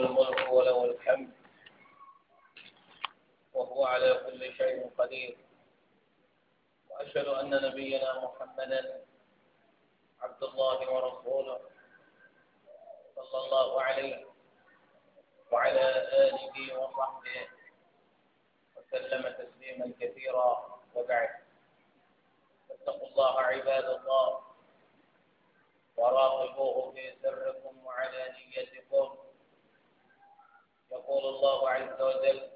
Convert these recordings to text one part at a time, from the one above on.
له الملك وله الحمد وهو على كل شيء قدير وأشهد أن نبينا محمدا عبد الله ورسوله صلى الله عليه وعلى آله وصحبه وسلم تسليما كثيرا وبعد فاتقوا الله عباد الله وراقبوه في سركم وعلانيتكم يقول الله عز وجل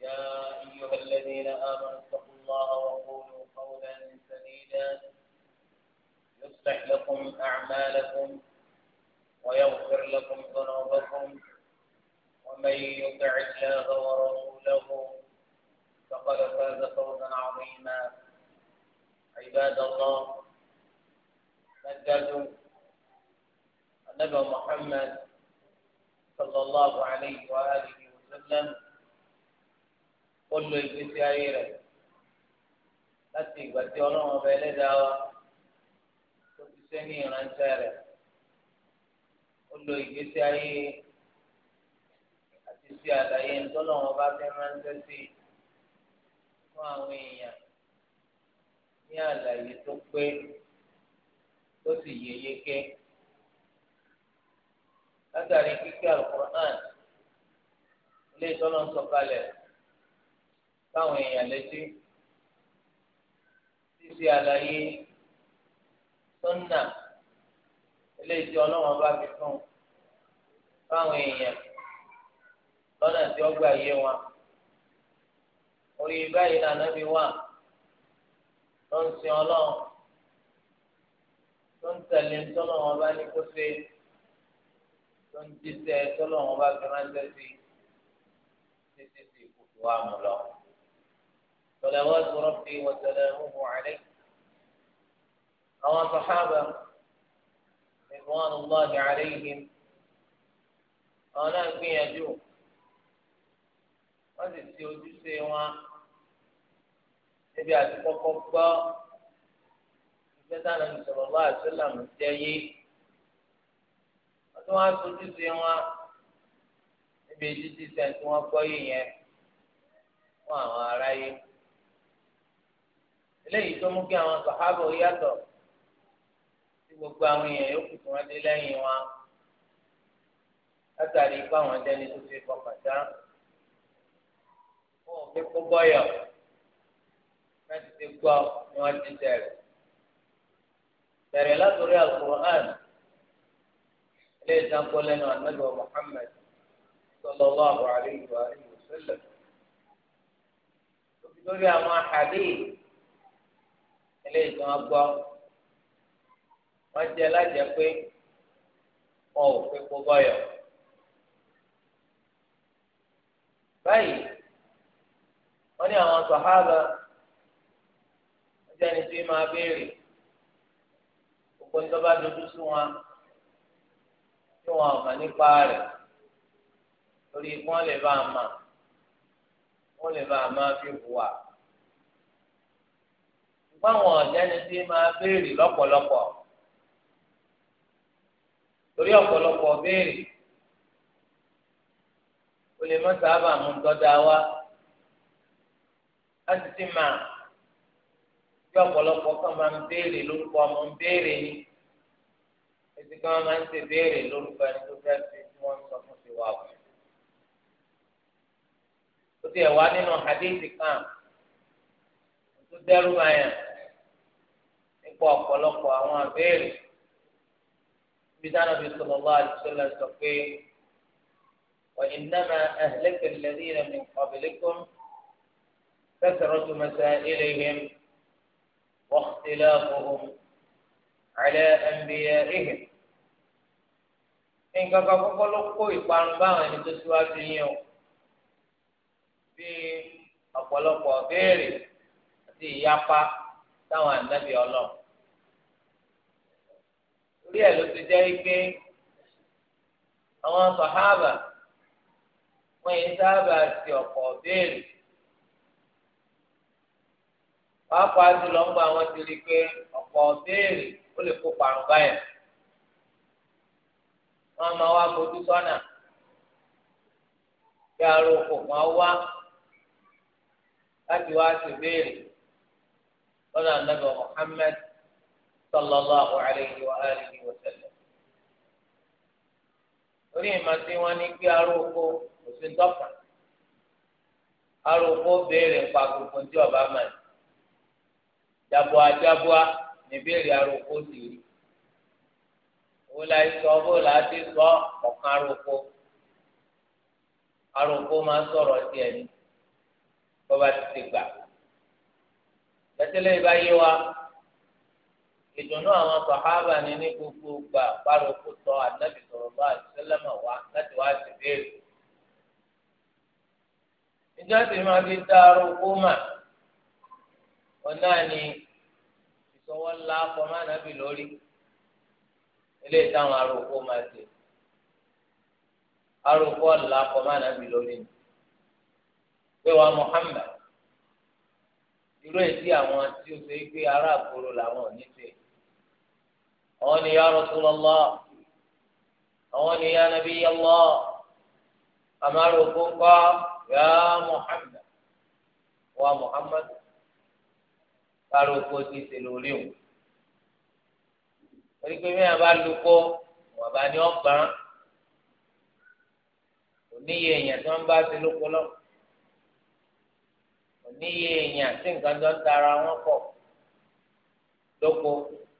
يا أيها الذين آمنوا اتقوا الله وقولوا قولا سديدا يصلح لكم أعمالكم ويغفر لكم ذنوبكم ومن يطع الله ورسوله فقد فاز فوزا عظيما عباد الله نجد النبي محمد صلى الله عليه وآله وسلم كل البيت عيرة láti ìgbà tí ọlọ́run ọba ẹlẹ́dàá wa tó ti ṣe ní ìránṣẹ́ rẹ̀ ó lo ìgbésí ayé àti ṣe àlàyé ńtọ́lọ́run ọba fẹ́ ránṣẹ́ sí fún àwọn èèyàn ní àlàyé tó pé tó sì yéyéké látàrí kíkẹ́ alukur'an ilé ìtọ́nà sọ̀kalẹ̀ táwọn èèyàn létí ṣíṣe àlàyé sọ́nà ilé ìtí ọlọ́wọ́n bá fi fún táwọn èèyàn lọ́nà tí ó gbà yé wọn orí báyìí lànà bí wà ló ń sin ọlọ́run tó ń tẹ̀lé ń tọ́nà wọn bá ní kó ṣe é tó ń jíṣẹ́ tọ́lọ́wọ́n bá fi ránṣẹ́ sí títí sí ìkùkù wa mú lọ. صلوات ربي وسلامه عليه أو صحابة رضوان الله عليهم أنا gbìyànjú wọ́n sì ti ojúṣe wọn níbi àti kọ́kọ́ gbọ́ ìgbésẹ̀ náà ní sọ̀rọ̀ bá àṣìlámù yìí tí wọ́n á sojú sí wọn níbi títí sẹ́ni tí wọ́n gbọ́ yìí yẹn fún àwọn aráyé. eléyìí tó mú kí àwọn sàhábà yàtọ̀ tí gbogbo àwọn èèyàn yòókù tí wọ́n dé lẹ́yìn wọn látàrí ipá àwọn jẹ́ni tó fi fọkàn dá fún òfin kó bọ́yọ̀ láti ti gbọ́ ni wọ́n ti tẹ̀rẹ̀. tẹ̀rẹ̀ látòrí Al-Qur'an. ليه كان قولنا النبي محمد صلى الله عليه وآله وسلم وبدون ما حديث ليه كان قول wọ́n jẹ́ lájẹ́ pé wọn ò fi kó báyìí wọ́n ní àwọn sàhábà tí máa béèrè ní sí wọn tó wọn àmà nípa rẹ̀ torí wọn lè bá a mà wọn lè bá a máa fi hùwà ṣùgbọ́n àwọn ọ̀jẹ́ni tí máa béèrè lọ́pọ̀lọpọ̀ torí ọ̀pọ̀lọpọ̀ béèrè o lè má sábà mú tọ́da wá láti ti máa bí ọ̀pọ̀lọpọ̀ kan máa ń béèrè lórúkọ ọmọ ń béèrè ni. títí kí wọ́n máa ń ṣe béèrè lórúkọ ẹni tó fẹ́ ṣe tí wọ́n ń sọ fún ti won fún. ó ti ẹ̀ wá nínú hadithi kan tó dẹ́rù báyà nípa ọ̀pọ̀lọpọ̀ àwọn àwọn bí dáná fi sọ̀rọ̀ lọ́wọ́ àdìsọ́lá sọ pé ìnáná وإنما أهلك الذين من قبلكم كثرة مسائلهم واختلافهم على أنبيائهم nǹkan kan kọ́kọ́ ló kó ìparun báwọn ẹni tó síwájú yín o bí ọ̀pọ̀lọpọ̀ béèrè àti ìyapa táwọn ànábì ọlọ́run orí ẹ̀ ló ti jẹ́ pé àwọn sọ̀hábà wọ́n yẹn sábà ti ọ̀pọ̀ béèrè wàá pa jùlọ ń gba àwọn ti rí i pé ọ̀pọ̀ béèrè ó lè kó parun báyìí. wọn máa wá fojú nke kí ma oko kan wá láti wá sí béèrè lọ́dọ̀ anábẹ́ Muhammad sallallahu alayhi wa alihi wa sallam. orí ìmọ̀ tí wọ́n ní kí ara oko kò sí dọ́kà ara béèrè gbogbo bó la sọ bó la ti sọ ọ̀kan aróko aróko máa sọ̀rọ̀ tiẹ̀ ní bọ́ba ti ti gbà tẹ́tẹ́lẹ́ yìí bá yé wa ìdùnnú àwọn sàhábà ni ní gbogbo gbà párọ̀kù tọ́ ànábì sọ̀rọ̀ bá àdìsẹ́lẹ̀mọ̀ wá láti wá sí béèrè. ìjọ sì máa fi dá arókó mà ọ̀nà ni ìsọwọ́ ńlá kọ́má ànábì lórí. eléyìí táwọn arókó máa ṣe arókó ọ̀la kọ́ máa nàbí lórí mi Muhammad irú èsì àwọn tí ó ṣe é pé ará àkóró làwọn ò ní ṣe àwọn ni ya Rasulullah àwọn ni ya Nabiyallah ya Muhammad wa ti torí pé bí wọn bá lu kó wọn bá ní ọgbà oníyè èèyàn tí wọn bá ti lóko lọ oníyè èèyàn tí nǹkan tó ń tara wọn pọ̀ lóko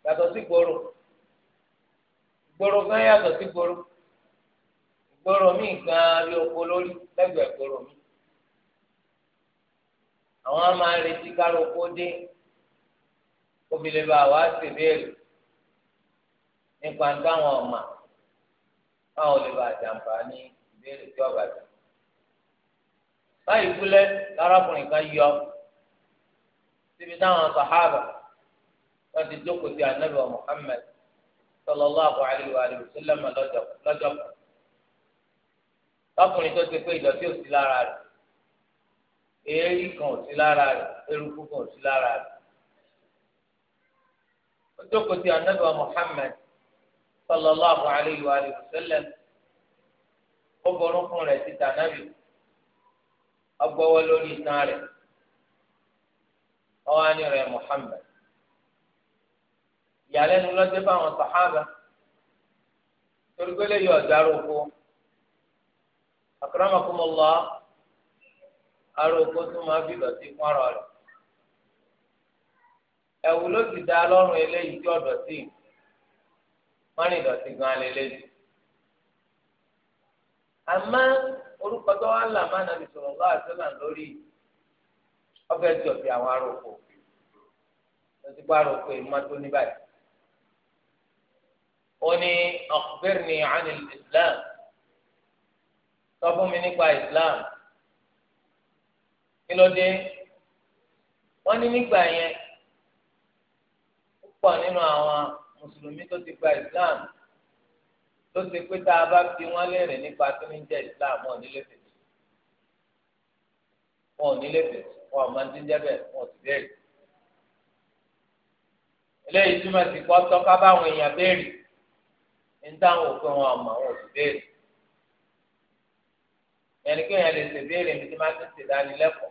yàtọ̀ sí gbòòrò gbòòrò gan yàtọ̀ sí gbòòrò gbòòrò míì gan rí oko lórí lẹ́gbẹ̀ẹ́ gbòòrò míì àwọn máa retí kárò kó dé kó fi lè bá wa ṣèbéèrè. nípa táwọn ọmọ báwọn lè bá àjàǹfà ní ìbéèrè tí ọba jù. báyìí kúlẹ̀ lárákùnrin kan yọ síbi táwọn sàhábà wọ́n ti jókòó sí anábìá Muhammad sallallahu alayhi wa sallam lọ́jọ́ kan lọ́kùnrin tó ti pé ìdọ̀tí ò sí lára rẹ̀ èérí kan ò sí lára rẹ̀ kan ò sí lára rẹ̀ jókòó sí anábìá sallallahu alayhi wa sallam ó borúkún rẹ̀ sí tànàbì ọgbọ́wọ́ lórí itan rẹ̀ ọwọ́ni rẹ̀ Muhammad ìyàlẹ́nu lọ́jọ́ báwọn sàhábà torí pé lè yọ ọ̀dàrú oko akramakumullah aró oko tó máa fi wọ́n rìn ìdọ̀tí gan-an lélẹ́yìí. àmọ́ orúkọ tó wá là má nàbì sọ̀rọ̀ lọ́wọ́ àtúnà lórí ọbẹ̀ jọ̀bì àwọn aróko lọ́sí bá aróko ìmọ̀ tó ní báyìí. ó ní akhbirni ani islam sọ fún mi nípa islam kí ló dé wọ́n ní nígbà yẹn púpọ̀ nínú àwọn mùsùlùmí tó ti gba islam tó ti pé tá a bá fi wọn léèrè nípa tó ní jẹ islam wọn ò nílé fèsì wọn ò nílé fèsì wọn ò máa ń díjẹ bẹ́ẹ̀ wọn ò sì bẹ́ẹ̀ eléyìí túmọ̀ sí kọ́ tọ́ka báwọn èèyàn béèrè ní táwọn òfin wọn àmọ́ wọn ò béèrè ẹnikẹ́ni lè ṣèbéèrè ní tí wọ́n ti ṣèdánilẹ́kọ̀ọ́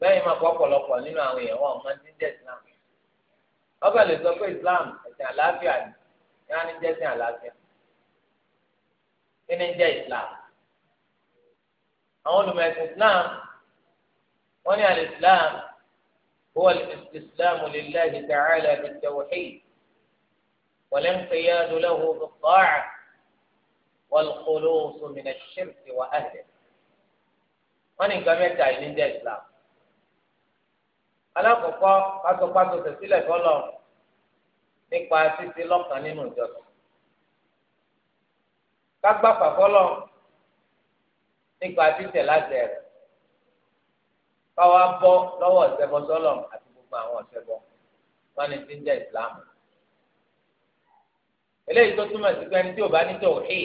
bẹ́ẹ̀ máa kọ́ ọ̀pọ̀lọpọ̀ nínú àwọn èèyàn wọn máa ń dín jẹ́ islam ọkọ̀ lè sọ pé islam ẹ̀sìn àlàáfíà ni yára ní jẹ́sìn àlàáfíà kí ni jẹ́ islam àwọn olùmọ̀ ẹ̀sìn islam wọ́n ní al-islam huwa al-istislam lillahi ta'ala bit-tawhid wal-inqiyadu lahu bit-ta'ah wal-khulus min ash-shirk wa ahlihi wọ́n ní nǹkan mẹ́ta ní jẹ́ alákọ̀ọ́kọ́ pátọ́pátọ́ tẹ̀sílẹ̀ fọlọ́ nípa títí lọ́kàn nínú ìjọsìn kágbáfà fọlọ́ nípa títẹ̀ láti ẹ̀rọ káwa bọ́ lọ́wọ́ ọ̀sẹ̀bọ sọlọ àti gbogbo àwọn ọ̀sẹ̀bọ wọn ni ti ń jẹ́ ìsìláàmù eléyìí tó túmọ̀ sí pé ẹni tí ò bá ní tòwíì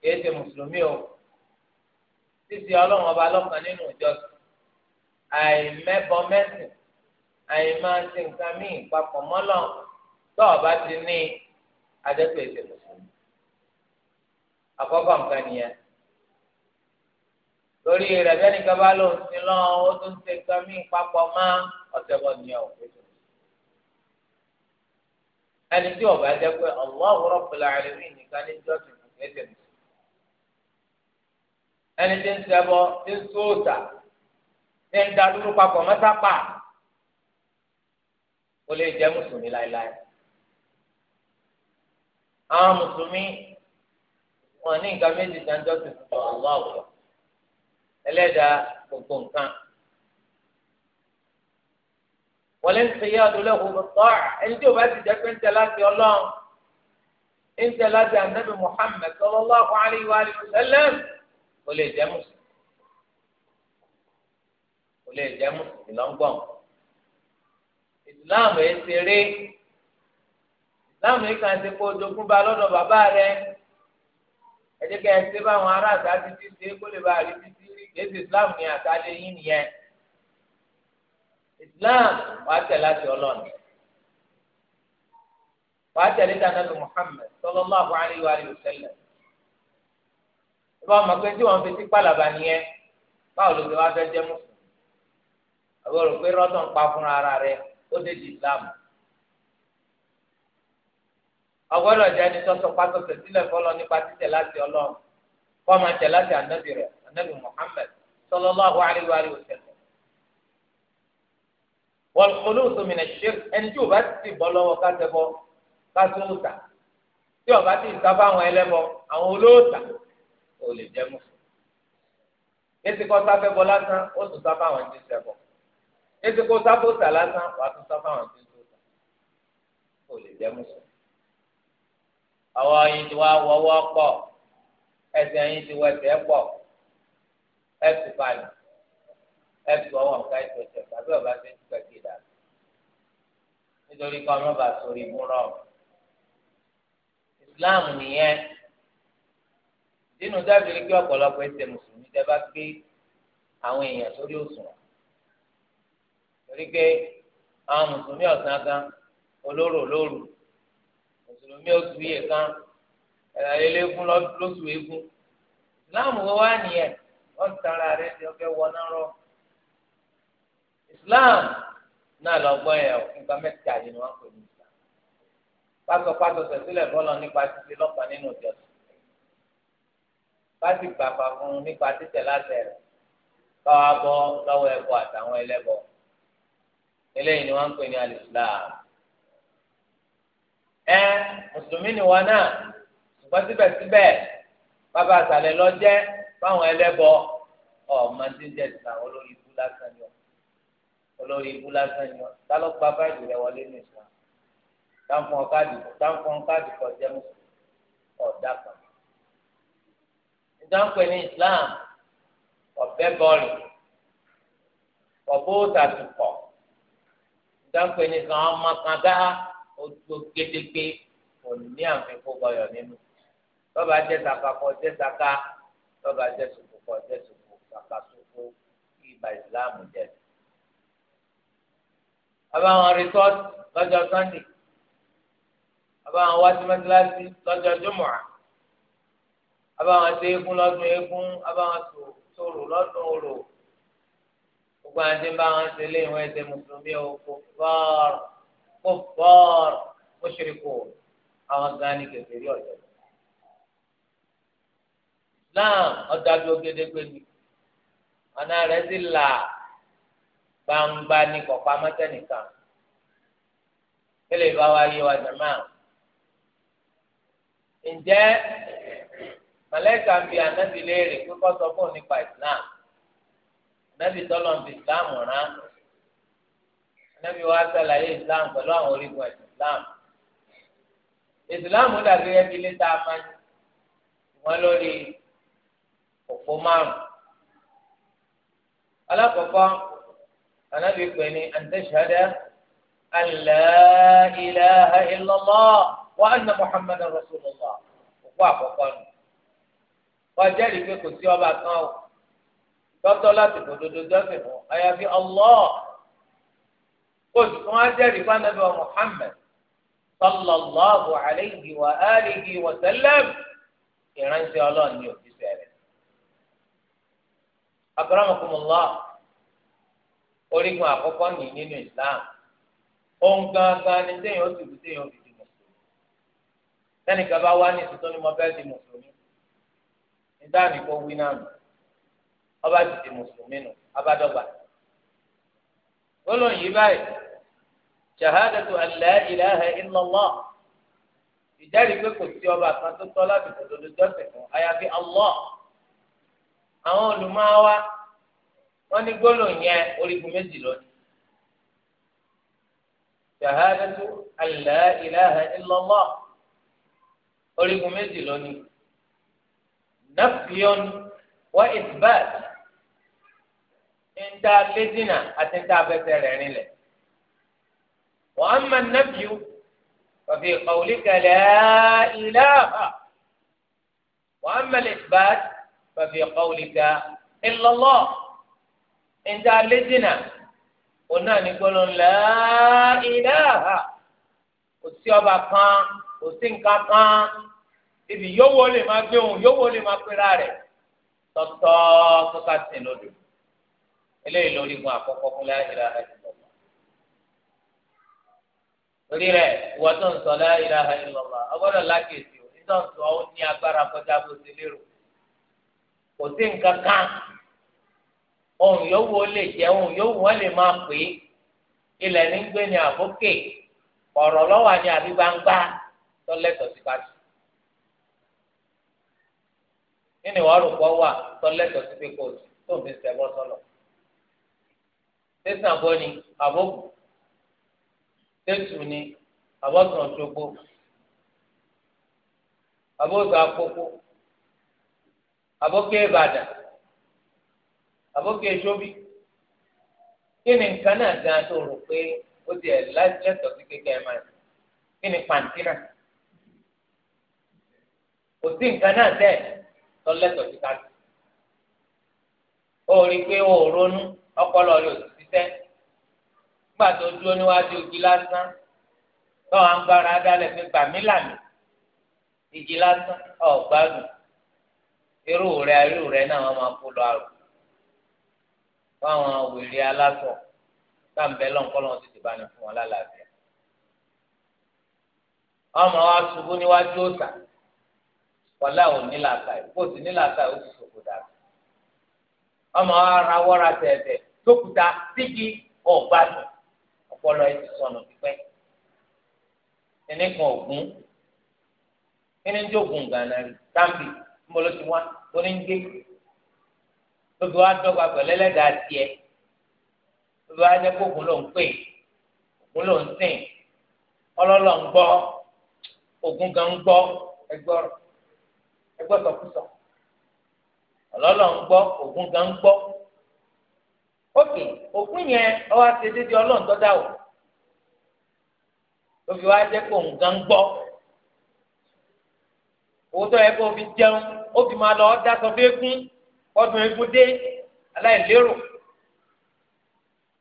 kì í ṣe mùsùlùmí o títí ọlọ́run ọba lọ́kàn nínú ìjọsìn àìmẹ́bọ mẹ́sìn àìmáṣe nǹkan míì papọ̀ mọ́lọ̀ tó o bá ti ní adẹ́pẹ́ ètò mùsùlùmí. àkọ́kọ́ nǹkan nìyẹn torí rẹ̀ bẹ́ẹ̀ nìkan bá lòun sí lọ́n ó tún ṣe nǹkan míì papọ̀ mọ́ ọ̀tẹ̀bọ̀ nìyẹn ò pé tó. ẹni tí o bá jẹ́ pé Allahu Rabbul Alamin nìkan ní jọ́sìn kò pé tó. ẹni tí ń ṣẹbọ tí ń sóòtà ṣe ń da dúró papọ̀ mọ́sápà ó lè jẹ́ mùsùlùmí láéláé. àwọn mùsùlùmí wọn ní nǹkan méjì dáńjọ́ ti sọ àwọn àwùjọ ẹlẹ́dàá gbogbo nǹkan. wọlé ń ṣe yá ọdún lẹ́kọ̀ọ́ lọ́tọ́ ẹni tí o bá ti jẹ́ pé ń tẹ láti ọlọ́run ń tẹ láti ànábì Muhammad sallallahu alaihi wa sallam ó lè jẹ́ mùsùlùmí lè jẹ́ mùsùlùmí lọ́ngbọ̀n. ìsìláàmù yìí ti rí ìsìláàmù yìí kàn ti kó ojogún bá lọ́dọ̀ bàbá rẹ̀ ẹ jẹ́ kẹ́ ẹ ṣe báwọn ará àtà títí ṣe kó lè bá a rí títí rí kéésì ìsìláàmù ni àtàlẹ́ yín nìyẹn. ìsìláàmù wàá tẹ̀ láti ọlọ́ọ̀ni wàá tẹ̀ lẹ́tà nàbì Muhammad sallallahu alaihi wa sallam ìbá ọmọ pé tí wọ́n fi sí pàlàbà nìyẹn báwo ló ti wá fẹ́ jẹ́ mùsùlùmí àbí ọ̀rọ̀ pé rọ́tọ̀ ń pa fúnra ara rẹ ó dé di islam ọgbọ́dọ̀ jẹ́ ẹni tọ́sọ pátọ́sẹ̀ sílẹ̀ fọlọ́ nípa títẹ̀ láti ọlọ́run kọ́ máa tẹ̀ láti ànábì rẹ̀ ànábì muhammed sallallahu alaihi wa sallam wal khulusu min ash-shirk ẹni tí o bá ti bọ́ lọ́wọ́ kásẹ̀bọ́ kásóòtà tí o bá ti sábà àwọn ẹlẹ́bọ àwọn olóòtà ò lè jẹ́ mùsùlùmí. kí ẹ ti kọ́ sáfẹ́ bọ́ lásán ó tún sábà àwọn ẹni tí ń ṣẹbọ ètò kó sábòsà lásán wàá tún sábà wọn tó ń tó ta kò lè jẹ mùsùlùmí. àwọn yìí ti wá wọ́wọ́ pọ̀ ẹsẹ̀ yìí ti wọ ẹsẹ̀ pọ̀ ẹ̀sùn balẹ̀ ẹ̀sùn ọwọ́ nǹkan ẹ̀sùn ẹ̀sẹ̀ tàbí ọ̀bá ṣe ń tẹ̀ kí dàrú. nítorí kọ́ ọmọ bá sórí ibú rọ̀ ìsìláàmù nìyẹn nínú dábìlì kí ọ̀pọ̀lọpọ̀ ẹsẹ̀ mùsùlùmí tẹ́ bá gbé àwọn èèyàn sórí òṣùwọ̀n torí pé àwọn mùsùlùmí ọ̀sán kan olóró olóró mùsùlùmí oṣù yìí kan ẹ̀rọ eléégún lóṣù eégún ìsìláàmù wo wá nìyẹn wọ́n ti tara rẹ̀ tí wọ́n fẹ́ wọ náà rọ ìsìláàmù náà lọ́gbọ́n yẹn nǹkan mẹ́ta yìí ni wọ́n pè ní ìsìláàmù pásọ pásọ sẹ̀sílẹ̀ bọ́lọ̀ nípa títí lọ́kàn nínú ìjọsìn pásì gbàgbà fún nípa títẹ̀ láti rẹ̀ káwá bọ́ lọ́wọ́ ẹ̀bọ àtàwọn ẹlẹ́bọ̀ọ́ eléyìí ni wọ́n ń pè ní alìsílám ẹ mùsùlùmí ni wọn náà ṣùgbọ́n síbẹ̀síbẹ̀ bàbá àtàlẹ́ lọ́jẹ́ fáwọn ẹlẹ́bọ ọmọ tí ń jẹ ìsìlám olórí ibú lásán ni ọ olórí ibú lásán ni ọ tálọ́ gba báyìí rẹ wọlé ní ìsìlám táǹfọ̀n káàdì táǹfọ̀n káàdì kọ jẹ́ mùsùlùmí ọ̀dà kan ìdáǹpẹ̀ ní ìsìlám ọ̀bẹ bọ́ọ̀lù ọ̀bọ̀ òtàtùkọ̀ sáńpẹ̀ nìkan ọmọ kan dá ojú gédégbé kò ní àfikún bọyọ nínú lọba jẹ saka kọ jẹ saka lọba jẹ sùkú kọ jẹ sùkú saka sùkú ìgbà ìsìlámù jẹ. àbáwọn rìsọ́ọ̀tì lọ́jọ́ sànńdì àbáwọn wájú mẹ́tíláṣí lọ́jọ́ jùmọ̀à àbáwọn ṣe eégún lọ́dún eégún àbáwọn sòrò lọ́dún orò gbogbo àti bá wọn ṣe lé ìwọ̀n ẹsẹ̀ mùsùlùmí o kò fọ́ọ̀rù kò fọ́ọ̀rù kò ṣe kò àwọn gan ni kẹfìrí ọ̀jọ̀ Islam ọ̀dà bí ogedegbe ni ọ̀nà rẹ̀ sì là gbangba ní kọ̀ọ̀pá mọ́tẹ́nìkan kílè bá wa yé wa jàmá ǹjẹ́ mọ̀lẹ́kà ń bi ànábì léèrè sọ fún nípa Islam nẹ́bí tọ́lọ̀ ń fi islam rán nẹ́bí wa sàlàyé islam pẹ̀lú àwọn orígun ẹ̀sìn islam islam dàbí ẹbí ilé tá a máa ń wọn lórí òpó márùn alákọ̀ọ́kọ́ anábì pè ní àǹtẹ̀ṣẹ́dẹ́ alẹ́ ilaha illallah wa anna muhammadan rasulullah òpó àkọ́kọ́ nù wọ́n jẹ́rìí pé kò sí ọba kan o tọ́tọ́ láti gbòdodo jọ́sìn fún àyàfi Allah olùkọ́ ajẹ́rìí fanabi wa Muhammad sallallahu alayhi wa alihi wa sallam ìránṣẹ́ ọlọ́run ní òjíṣẹ́ rẹ̀. akramakumullah orígun àkọ́kọ́ nìyí nínú Islam ohun gangan ni téèyàn ó sì kú téèyàn ó fi di mùsùlùmí sẹ́nìkan bá wá ní ìsìtọ́ ni mo fẹ́ di mùsùlùmí nígbà nìkan wí náà nù ọba ti di mùsùlùmí nù abádọ́gba gbólóhùn yìí báyìí shahadatu an la ilaha illallah ìjẹ́rìí pé kò sí ọba kan tó tọ́ láti tòdodo jọ́sìn fún àyàfi Allah àwọn olùmọ̀wá wọ́n ní gbólóhùn yẹn orígun méjì lónìí shahadatu an ilaha illallah orígun méjì lónìí nafiyọ́n wa isbat tá a lé dínà àti tá a fẹsẹ̀ rẹ̀ rinlẹ̀. wọ́n á máa nàbíyú fàfi ọ̀wùlí kẹlẹ́ ìlàhà wọ́n á máa lè bá fàfi ọ̀wùlí kẹ ìlọ́lọ́ ìta lé dínà òun náà ní gbọ́dọ̀ ńlá ìlàhà kò sí ọba kan kò sí nǹkan kan ibi yówó lè máa gbé òun lè máa pera rẹ̀ tọ́tọ́ tó ká sìn eléyìí lórí gun àkọ́kọ́ fún la ilaha illallah torí rẹ̀ ìwọ tó ń sọ la ilaha illallah ọgbọ́dọ̀ lákèsí o nítorí sọ ó ní agbára kọjá bó ti lérò kò sí nǹkan kan ohun yòówù ó lè jẹ ohun yòówù wọn lè máa pè é ilẹ̀ ní gbé ní àbókè ọ̀rọ̀ lọ́wọ́ ni àbí gbangba sí pàṣẹ. nínú kan wà sí pé kò tó fi tẹsán àbọ ni àbọ tẹsù ni àbọsàn ọṣọgbó àbọsàn àkókó àbọkẹ ìbàdàn àbọkẹ kí ni nǹkan náà tó rò pé ó sí kékeré máa kí ni kò sí nǹkan náà sí ká rí i pé ọpọlọ rẹ ò sì tẹ́ gbà tó dúró níwájú igi lásán báwọn agbára adálẹ̀ fi gbà mí làmì igi lásán ọ̀gbádùn irú rẹ irú rẹ náà wọ́n máa kó lọ àrùn fáwọn wèrè aláṣọ táǹbẹ̀ lọ́nkọ́lọ́n ti dìbànú fún wọn lálàáfíà ọmọ wa ṣubú níwájú ọ̀sà wọlé àwọn onílàkà yìí kó o sì ó ti ṣòfò dàrú ọmọ wa rawọ́ ra tẹ̀tẹ̀ lókùtà sígi ọ̀gbádùn ọpọlọ ẹ ti sọnù pípẹ́ ẹnìkan ògún ẹni ń jogun gánà rí táǹbì mbọlọ ti wá oníńgé lóbi wá dọ́gba pẹ̀lú ẹlẹ́dàá tiẹ̀ lóbi wá jẹ́ kó ògún ló ń pè ògún ló ń sìn ọlọ́lọ́ ń gbọ́ ògún gan ń gbọ́ ẹgbọ́rọ̀ ẹgbọ́sọkúsọ ọlọ́lọ́ ń gbọ́ ògún gan ń gbọ́. Ok, òpin yẹn ọwọ àti dídí Ọlọ́run tó dá o òbí wa jẹ kó nǹkan gbọ́ òótọ́ yẹ kó o fi jẹun ó fi máa lọ dá sọ fún eégún ọdún eégún dé aláìlérò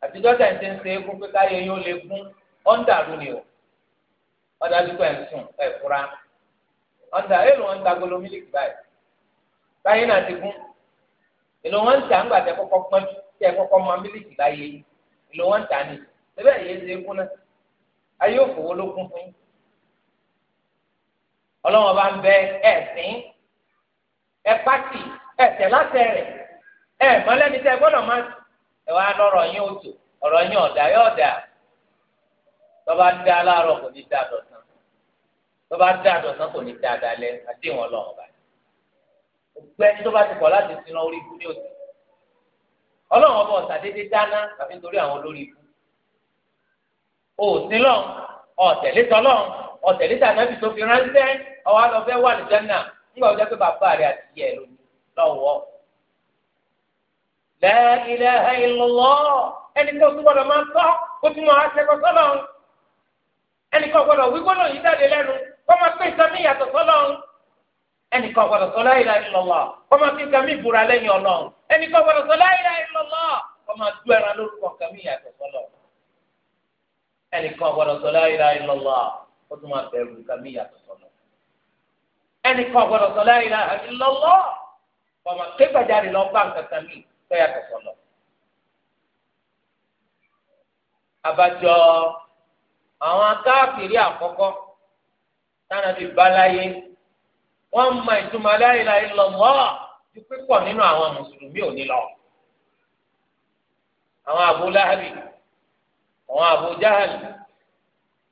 àtijọ́ tẹ̀ ń ṣe ń ṣe eégún pé káyọ̀ yóò lè gún ọ̀ndàrú ni o ọ̀dàdú pẹ̀ ń sùn ẹ̀ fura ọ̀ndà èlò wọn ń ta gbolo mílíkì báyìí báyìí náà ti gún èlò wọn ń ta ńgbà tẹ kọ́kọ́ pọ́n jù tẹ kọ́kọ́ ma mílíkì láyé ìlú wọn tà ní ẹ̀bẹ̀ yìí ṣe é kú náà ayé òfòwò ló kún fún yín ọlọ́wọ́n bá ń bẹ ẹ̀sìn ẹ pàtì ẹ̀sẹ̀ láti rẹ̀ ẹ mọ́lẹ́ni tẹ gbọ́dọ̀ má ẹ wá lọ́rọ̀ yín òtò ọ̀rọ̀ yín ọ̀dà yóò dà tọ́ba dá aláàárọ̀ kò ní dá dọ̀tán tọ́ba dá dọ̀tán kò ní dá dalẹ̀ àdéhùn ọlọ́wọ́n bá gbẹ́ni tó bá ti kọ̀ láti sinú orí ikú ní òtò. ọlọ́run ọba dédé dáná àfi torí àwọn olórí ikú òsín lọ ọ̀tẹ̀lé tọ́lọ́ tó fi ránṣẹ́ ọwọ́ àlọ́fẹ́ wà ní jẹ́nà nígbà wọ́n jẹ́ pé bàbá rẹ̀ àti yẹ̀ lónìí lọ́wọ́. ẹni tó tún máa kó tún máa sọ́lọ́ ẹni wí ẹnìkan gbọ́dọ̀ sọ láyé láyé lọlọ kọmọ kí nǹkan mi búra lẹ́yìn Ọlọ́run ẹnìkan gbọ́dọ̀ sọ láyé láyé lọlọ kọmọ du ẹran lórúkọ nǹkan mi yàtọ̀ sọlọ ẹnìkan gbọ́dọ̀ sọ láyé láyé lọlọ ó tún máa bẹ̀rù nǹkan mi yàtọ̀ sọlọ ẹnìkan gbọ́dọ̀ sọ láyé láyé lọlọ kọmọ kékeré lọ bá nǹkan mi tó yàtọ̀ sọlọ. abájọ àwọn akáàkiri àkọ́kọ́ tánàbí balaye wọ́n mọ ìtumọ̀ la ilaha illallah ju pípọ̀ nínú àwọn mùsùlùmí òní lọ. àwọn Abu Lahabi àwọn Abu Jahali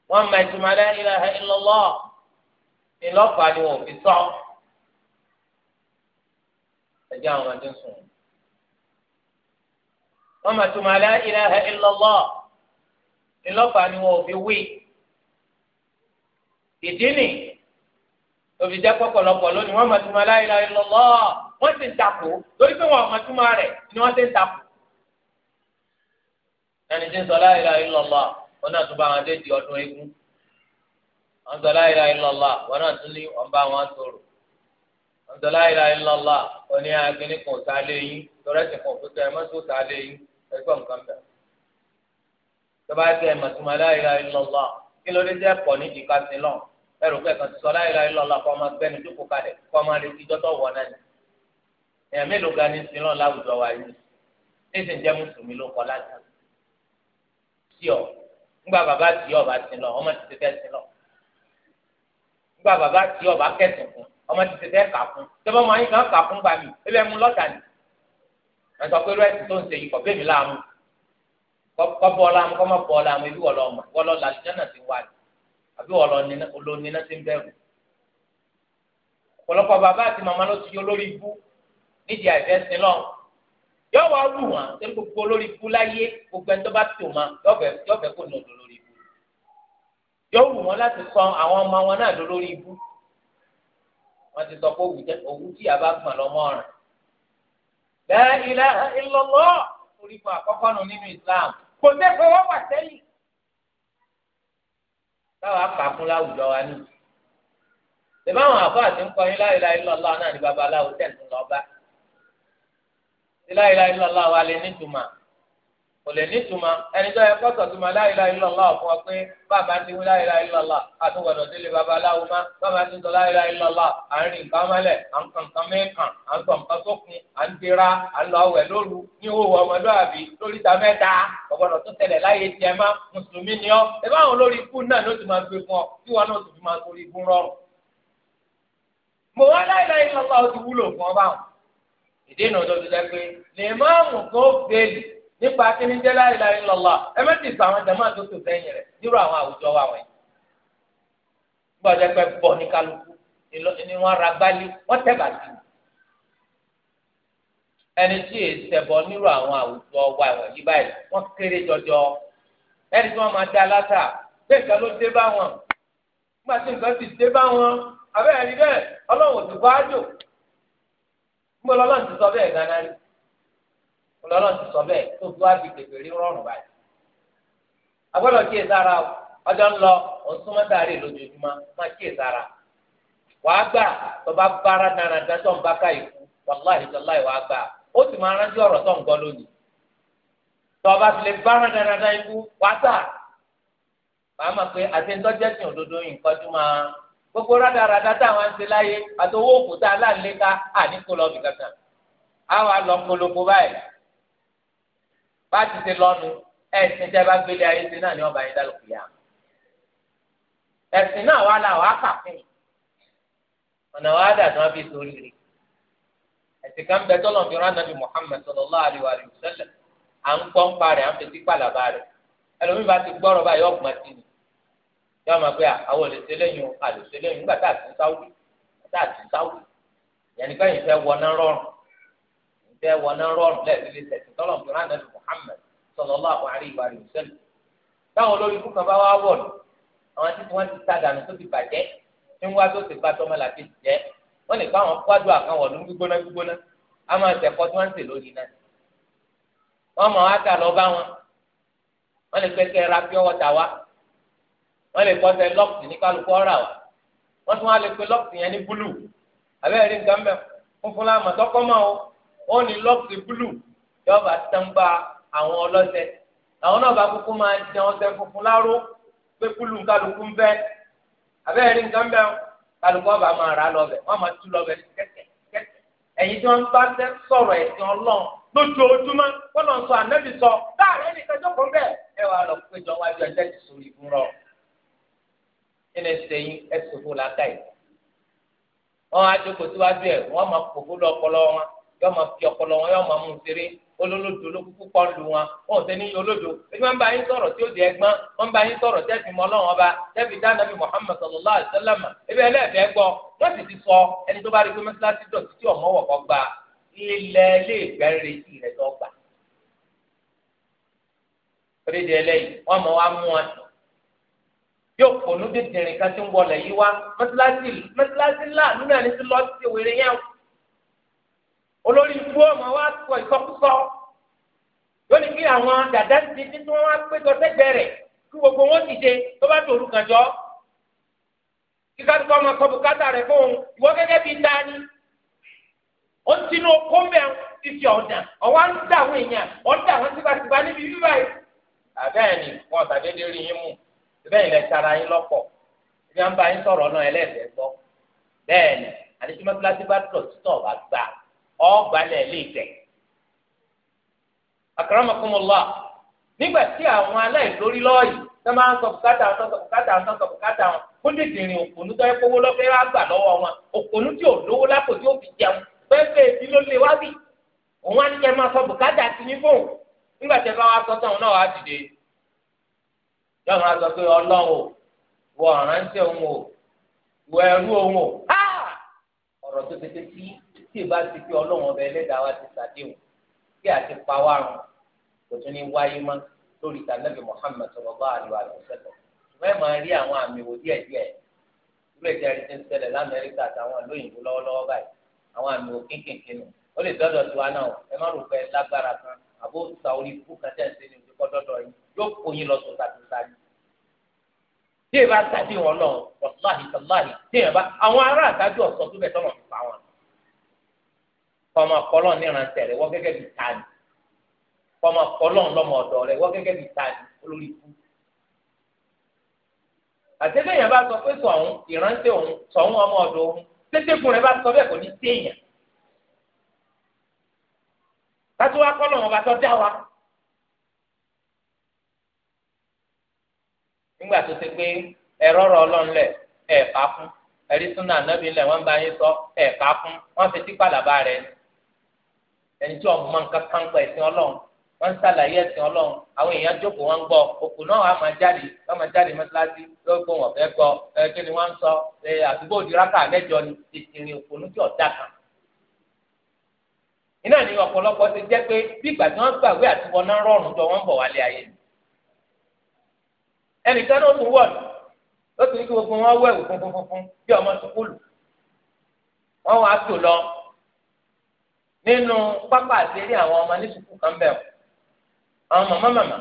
wọ́n mọ ìtumọ̀ la ilaha illallah ìlọ́pàá ni wọ́n fi sọ. ẹ̀jẹ̀ àwọn ọmọdé sùn. wọ́n mọ ìtumọ̀ la ilaha illallah ni wọ́n fi wí. ìdí nìyí òbí jẹ́ pọ̀pọ̀lọpọ̀ lónìí wọ́n mọ̀túmọ̀ la ilaha illallah wọ́n ti ń takò torí pé wọ́n mọ̀túmọ̀ rẹ̀ ni wọ́n ti ń takò. ẹni tí ń sọ la ilaha illallah wọn náà tún bá wọn dé di ọdún eégún wọn sọ la ilaha illallah wọn náà tún ní wọn bá wọn sọ̀rọ̀ wọn sọ la ilaha illallah wọn ní agbẹni kan ta lé yín tọrẹsì kan òkúta ẹ mọ́tò ta lé yín ẹgbọ́n nǹkan bẹ̀. tọ́ba ẹ̀ tẹ́ mọ̀túmọ̀ la ilaha illallah kí ló dé jẹ́ pọ̀ nídìí ká ẹrù pé ẹ̀kan ti sọ láyé láyé lọ́la kọ́ ọmọ gbẹ́ni dúkú kalẹ̀ kọ́ ọmọ rẹ ti dọ́tọ̀ wọ náà ni. èèyàn mélòó ga ní sinú láwùjọ wa yìí ẹsẹ̀ ń jẹ́ mùsùlùmí ló kọ́ láti. tí ọ ńgbà bàbá tí ọ bá sin lọ ọmọ ti ti fẹ́ sin lọ. ńgbà bàbá tí ọ bá kẹsìn fún ọmọ ti ti fẹ́ kà fún tẹ́fọ́ ọmọ yín kan kà fún gbà mí ebi ẹmu lọ́tà ni. ẹ̀sọ́ pé rẹ́ẹ̀sì tó ń ṣe yìí kọ́ bẹ́ẹ̀ mi láàmú kọ́ bọ́ọ̀lá mu àbí wọ́n lọ níná ti ń bẹ̀rù ọ̀pọ̀lọpọ̀ bàbá àti màmá ló ti yọ lórí ibú nídìí àìfẹ́sìn lọ yóò wá wù wọn torí gbogbo lórí ibú láyé gbogbo ẹni tó bá tò wọn yóò fẹ́ kó nù ọ̀dọ̀ lórí ibú yóò wù wọn láti sọ àwọn ọmọ wọn náà dó lórí ibú wọn ti sọ pé òwú tí a bá gbọ̀n lọ́mọ ọ̀ràn la ilaha illallah orí fún àkọ́kọ́ nù nínú Islam kò dé pé wọ́n wà táwa kàkún láwùjọ wa ní. bẹ̀rẹ̀ àwọn àfáà ti ń kọ́ yín láìláì lọ́lá náà ní babaláwo tẹ̀sán lọ́ba. ti láìláì lọ́lá wa lè nítumọ̀ kò lè nítumọ̀ ẹni tó yẹ kọ́tọ̀ tó ma la ilaha illallah fún ọ pé bàbá ti wí la ilaha illallah àtúwọ̀dọ̀ délé babaláwo má bàbá ti sọ la ilaha illallah à ń rìn nǹkan mọ́lẹ̀ à ń kàn nǹkan mẹ́kàn à ń sọ nǹkan sókun à ń dira à ń lọ ọwẹ́ lóru ní òwò ọmọdúnràbí lórí ta mẹ́ta ọ̀gbọ́dọ̀ tó tẹ̀lẹ̀ láyé tiẹ̀ má mùsùlùmí ni ọ́ ẹ àwọn olórí ikú náà ló ti máa gbé fún ọ tí wọn náà ti fi máa sórí ikú rọrùn. mo wá la ilaha illallah nípa kíni jẹ́ la ilaha illallah ẹ mẹ́tì sọ àwọn jàmáà tó tó àwọn àwùjọ wa wọ̀nyí. gbọ́dọ̀ pẹ́ ní kálukú ni wọ́n ra gbálí wọ́n ẹni tí èyí ṣẹbọ nírú àwọn àwùjọ wa wọ̀nyí báyìí wọ́n kéré jọjọ ẹni tí máa dá ló dé bá wọn nígbà tí nǹkan ti ọlọ́run ti sọ bẹ́ẹ̀ tó tó àbí tètè rí rọrùn báyìí. agbọ́dọ̀ kíyè sára ọjọ́ ń lọ òun súnmọ́ sáré lójoojúmọ́ máa kíyè sára. wàá gbà tó bá bára dáradá tó ń bá wàláhì wàá gbà ó sì máa rántí ọ̀rọ̀ tó ń gbọ́ lónìí. tó bá ti lè bára ikú wàá tà màá mọ̀ pé àti òdodo yìí kọjú máa gbogbo rádaràdá táwọn láyé lọ báyìí bá ti ṣe lọ́nu ẹ̀sìn tẹ́ bá gbélé ayé náà ní ọba yẹn dálòkè yá ẹ̀sìn náà wà láwọ̀ ákàfin ọ̀nà wa dà tí wọ́n fi sórí rẹ̀ ẹ̀sìn kan bẹ tọ́lọ̀ fi rán nàbì Muhammad sallallahu alaihi à ń à ń rẹ̀ bá ti gbọ́rọ̀ báyọ̀ ọ̀gbọ́n sí ni yọ ma pé àwọn olùsè lẹ́yìn àlùsè lẹ́yìn nígbà tá a ti ń a Muhammad sallallahu alaihi wa sallam táwọn olórí ikú kan bá wá wọ̀ lọ àwọn títí wọn ti ta dànù tó ti bàjẹ́ tí wọn tó ti bá tọmọlà ti jẹ wọn lè fáwọn kwádù àkànwọ ní gbígbóná gbígbóná a máa tẹkọ tí wọn ń tè lórí náà wọn mọ wá tà lọ bá wọn wọn lè fẹ ra pí ọwọ tà wá wọn lè kọsẹ lọkùtì ní kálukú ọrà wá wọn tún wá lè pe lọkùtì yẹn ní búlù abẹ́rẹ́ rí nǹkan mẹ́ fúnfún o ó ní lọkùtì búlù yọba àwọn ọlọ́sẹ̀ làwọn náà bá kúkú máa jẹ ọṣẹ funfun láró pé kúlù kálukú ń bẹ abẹ́rẹ́ rí nǹkan bẹ́ẹ̀ kálukú ọba máa rà lọ́bẹ̀ wọ́n máa tú lọ́bẹ̀ kẹ́kẹ́ ẹ̀yin tí wọ́n bá fẹ́ sọ̀rọ̀ ẹ̀sìn ọlọ́run lójoojúmọ́ wọ́n lọ sọ ànábì sọ láàrin ẹnìkan jókòó bẹ́ẹ̀ ẹ wàá lọ péjọ wájú ẹjẹ́ ti sórí fún rọ ẹnì sẹ́yìn ẹ̀sìn fún làákà yìí wọ́n á jókòó síwájú ẹ̀ wọ́n máa kókó lọ ọpọlọ wọn yọ máa fi ọpọlọ wọn yọ máa mú un olólódo ló kúkú pọ̀ lu wọn wọn ò sẹ́ni olódo ebi wọn bá yín sọ̀rọ̀ tí ó di ẹgbọ́n wọn bá yín sọ̀rọ̀ tẹ́ẹ̀fì mọ́ ọlọ́run ọba tẹ́ẹ̀fì dá nàbì Muhammad sallallahu alayhi wa sallam ebi ẹlẹ́ẹ̀fẹ́ gbọ́ wọ́n sì ti sọ ẹni tó bá rí pé mẹ́sàlásì dọ̀tí tí ọmọ wọ̀kọ́ gba ilẹ̀ ilé ìgbẹ́ retí rẹ̀ tó gbà. oríṣi ẹlẹ́yìn wọ́n mọ̀ wá mú wọn yóò kònú olórí ikú ọmọ wa sọ ìsọkúsọ yóò ní kí àwọn dàda ti ti tí wọn wá péjọ sẹ́gbẹ̀ẹ́ rẹ̀ kí gbogbo wọn ti dé tó bá tòru kàn jọ kí ká tó ọmọ sọ bùkátà rẹ̀ fún òun ìwọ gẹ́gẹ́ bíi dání ó ti nu okó fífi ọ̀dà ọ̀wá ń dà àwọn èèyàn ọ̀dà àwọn tìbàtìbà níbi bíbá yìí. àbẹ́ẹ̀ ni wọn ṣàdédé rí yín mú bẹ́ẹ̀ ilẹ̀ tara yín lọ́pọ̀ ibi à ń bá yín sọ̀rọ̀ náà ẹlẹ́ẹ̀fẹ́ gbọ́ bẹ́ẹ̀ àdéjúmọ́ ọ̀gbálẹ̀ lè tẹ̀. akramakumullah nígbà tí àwọn aláìlórí lọ́ọ̀yì tó máa ń sọ bùkátà wọn sọ bùkátà wọn sọ bùkátà wọn kó lè dìrìn òkùnú tó yẹ kówó lọ́fẹ́ wá gbà lọ́wọ́ wọn òkùnú tí lápò tí ó fi jẹun èdè ló wá bì òun á ní kẹ́ sọ bùkátà sí ní fóun nígbà tí ẹ bá wá tí ìbá ti fi ọlọ́run ọbẹ̀ ẹlẹ́dàá wa ti sàdéhùn kí àti pawárun kò tún ní wáyé mọ́ lórí tànàbí Muhammad sallallahu alaihi wasallam wọ́n máa rí àwọn àmì wò díẹ̀ díẹ̀ irú ẹ̀jẹ̀ rí ti ń ṣẹlẹ̀ lamẹ́ríkà àtàwọn olóyìnbó lọ́wọ́lọ́wọ́ báyìí àwọn àmì wò kéékèèké nù ó lè dọ́dọ̀ tiwa náà ẹ má rò pé lágbára kan àbó sa orí ikú kan kọ́mọ kọ́lọ́ níranṣẹ́ rẹ̀ wọ́n gẹ́gẹ́ bí tani kọ́mọ kọ́lọ́ lọ́mọ ọ̀dọ́ rẹ̀ wọ́n gẹ́gẹ́ bí tani olórí ikú. àtẹ́lẹ́ yẹn bá sọ pé sọ̀hún ìránṣẹ́ òun sọ̀hún ọmọ ọ̀dọ́ òun tẹ́tẹ́kùn rẹ̀ bá sọ bẹ́ẹ̀ kò ní téèyàn. kátó wá kọ́lọ́ wọn bá tọ́ dá wa. nígbà tó ṣe pé ẹ̀rọ rọ ọlọ́nlẹ̀ ẹ̀ fún ẹ̀rí súnà nábìlẹ̀ wọ́n bá yín sọ ẹ̀ fún wọ́n fi tí pàlàbà rẹ̀ ni ẹni tí ọmọ nǹkan kan gba ẹ̀sìn ọlọ́run wọ́n ń ṣàlàyé ẹ̀sìn ọlọ́run àwọn èèyàn jókòó wọn ń gbọ́ òkú náà wàá máa jáde wàá máa jáde mọ́tíláṣí lóògùn wọn fẹ́ gbọ́ ẹ kí ni wọ́n ń sọ ẹ àdúgbò òdìrákà mẹ́jọ ni ìsìnrìn òpònú tí ọ̀dà kan. iná ni ọ̀pọ̀lọpọ̀ ti jẹ́ pé bí ìgbà tí wọ́n gbàgbé àtiwọ́ náà rọrùn jọ wọ́n bọ̀ wálé ayé ẹnìkan náà tún nínú pápá àtẹ́rí àwọn ọmọ ní sùkúù kan bẹ̀ ọ́ àwọn màmá màmá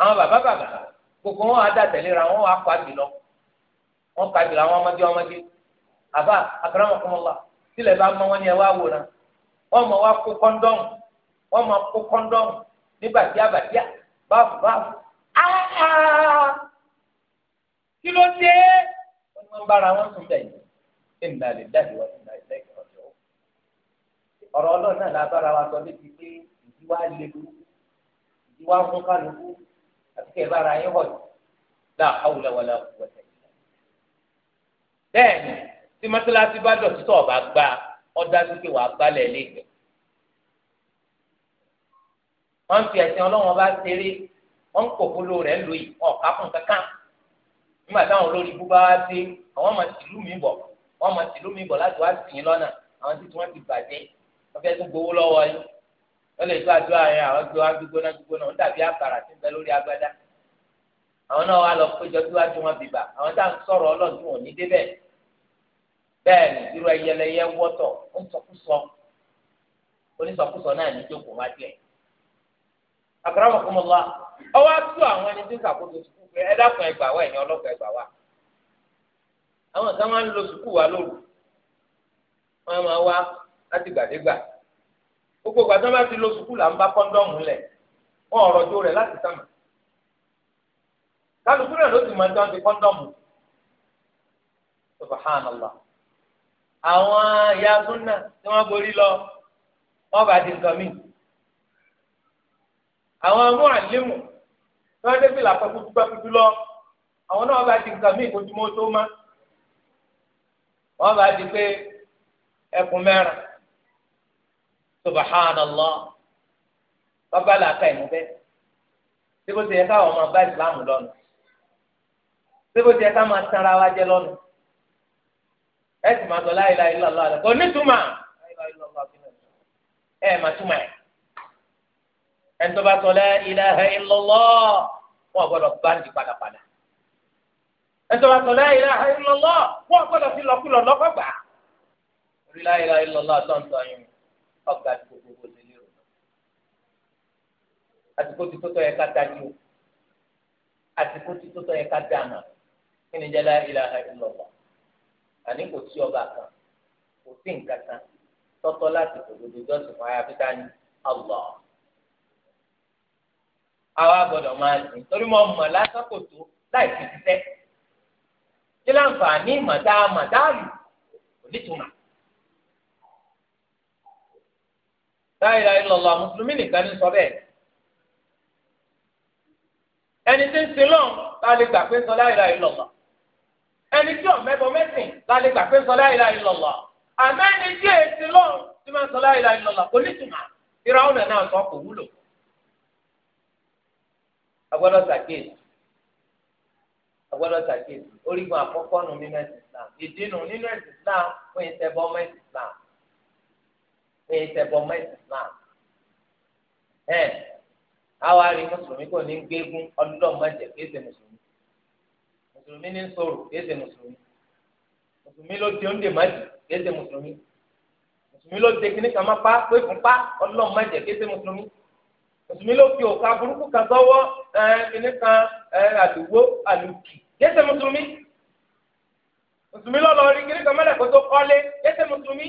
àwọn bàbá bàbá gbogbo wọn á dàtẹ̀léra wọn á kọ́ àgbè lọ wọn kọ́ àgbè lọ àwọn ọmọdé ọmọdé àbá àkàràmọ̀kọ́mọ́lá sílẹ̀ bá mọ́ wọn ni ẹ wá wòran wọn mọ̀ wá kó kọ́ńdọ́mù wọn mọ̀ kó kọ́ńdọ́mù ní bàtíà bàtíà báàbù báàbù áá kí ló dé wọn bára wọn sùn bẹ́ẹ̀ ní ìlànà ìdájọ́ wọn ìlànà ìdájọ́ ọ̀rọ̀ ọlọ́run náà lábára wa sọ níbi pé ìdí wa lè lu ìdí wa mú kálukú àti kẹ́ ẹ bára yín họ̀ láà áwùlẹ̀ wọlé ọ̀pọ̀lọpọ̀ bẹ́ẹ̀ ni tí mọ́tíláṣí bá dọ̀tí tó ọ̀bá gbá ọ̀dá dúkìá wà gbálẹ̀ lẹ́gbẹ̀ẹ́ wọ́n fi ẹ̀sìn ọlọ́run bá ṣeré wọ́n ń kòkòlò rẹ̀ lóyè ọ̀ká fún kankan nígbà táwọn olórí ibú wá dé àwọn ọmọ tìlú mi bọ̀ wọ́n tìlú mi bọ̀ láti wá sìn lọ́nà àwọn títí wọ́n ti bàjẹ́ ọ̀fẹ́ tó gbowó lọ́wọ́ yín ó lè gbọ́ àdúrà yẹn àwọn gbé wá gbígbóná gbígbóná ó dàbí àkàrà tí ń bẹ lórí agbádá àwọn náà wá lọ péjọ tí wájú wọn bìbà àwọn tá à ń sọ̀rọ̀ ọlọ́dún òní débẹ̀ bẹ́ẹ̀ ni ẹyẹlẹyẹ ó ń sọkúsọ onísọkúsọ náà ní jókòó wá gbogbo ìgbà tó bá ti lọ sùkúlù à ń bá kọ́ńdọ́ọ̀mù lẹ̀ wọn ọ̀rọ̀ jó rẹ̀ láti sàmà kálukú náà ló sì máa ń tán ti kọ́ńdọ́ọ̀mù subhanallah àwọn ya súnà tí wọ́n borí lọ wọ́n bá di nǹkan míì àwọn muallimu tí wọ́n dé fìlà pẹ́ kúkú pẹ́ kúkú lọ àwọn náà bá di nǹkan míì kójúmọ́ tó má wọ́n bá di pé ẹkùn mẹ́rin subhanallah bàbá làákà ìmú bẹ́ẹ̀ síbò tí yẹ káwọn máa bá ìsìláàmù lọ́nu síbò tí yẹ ká máa tanra wa jẹ lọ́nu ẹ sì máa sọ la ilaha illallah àlẹ kò ní túmọ̀ ẹ máa túmọ̀ ẹ ẹni tó bá sọ la ilaha illallah wọn gbọ́dọ̀ báńdì padàpadà ẹni tó bá sọ la ilaha illallah wọn gbọ́dọ̀ fi lọ́kùlọ̀ lọ́kọ̀gbà orí la ilaha illallah àtọ̀ntọ̀ yìí ọgbà àti gbogbo ṣe lérò àsìkò tí tó tọ́ yẹ ká dájú àsìkò tí tó tọ́ yẹ ká dáná kí ni jẹ́ la ilaha àní kò sí ọba kan kò sí nǹkan kan tọ́tọ́ láti kò dodo jọ́sìn fún ayé ní Allah àwa gbọ́dọ̀ máa sìn torí mo mọ̀ lásìkò tó láì fi ṣiṣẹ́ kí láǹfààní màdá màdá lù kò nítumọ̀. la ilaha mùsùlùmí nìkan ní ẹni tí ń la gbà pé sọ ẹni tí mẹ́sìn la gbà pé sọ àmọ́ ẹni tí lọ́n máa sọ la ilaha kò ní tùmọ̀ sọ kò wúlò agbọ́dọ̀ sàkíyèsí agbọ́dọ̀ sàkíyèsí orígun àkọ́kọ́ nù nínú ẹ̀sìn Islam ìdí nù nínú ẹ̀sìn Islam ní ìtẹ̀bọ̀ mọ́ islam ẹ̀ àwa rí mùsùlùmí kò ní gbégún ọdún mọ́jẹ kì í ṣe mùsùlùmí mùsùlùmí ní sọ̀rọ̀ kì í ṣe mùsùlùmí mùsùlùmí ló di oúnjẹ mọ́jẹ kì í ṣe mùsùlùmí mùsùlùmí ló de kíní kan máa pa pé fún pa ọlọ́run má jẹ́ kí ṣe mùsùlùmí mùsùlùmí ló fi òkà burúkú kan sọ́wọ́ kíní àdúgbò àlùkì kí ṣe mùsùlùmí mùsùlùmí ló lọ rí kíní kan mọ́lẹ̀ kó kí ṣe mùsùlùmí.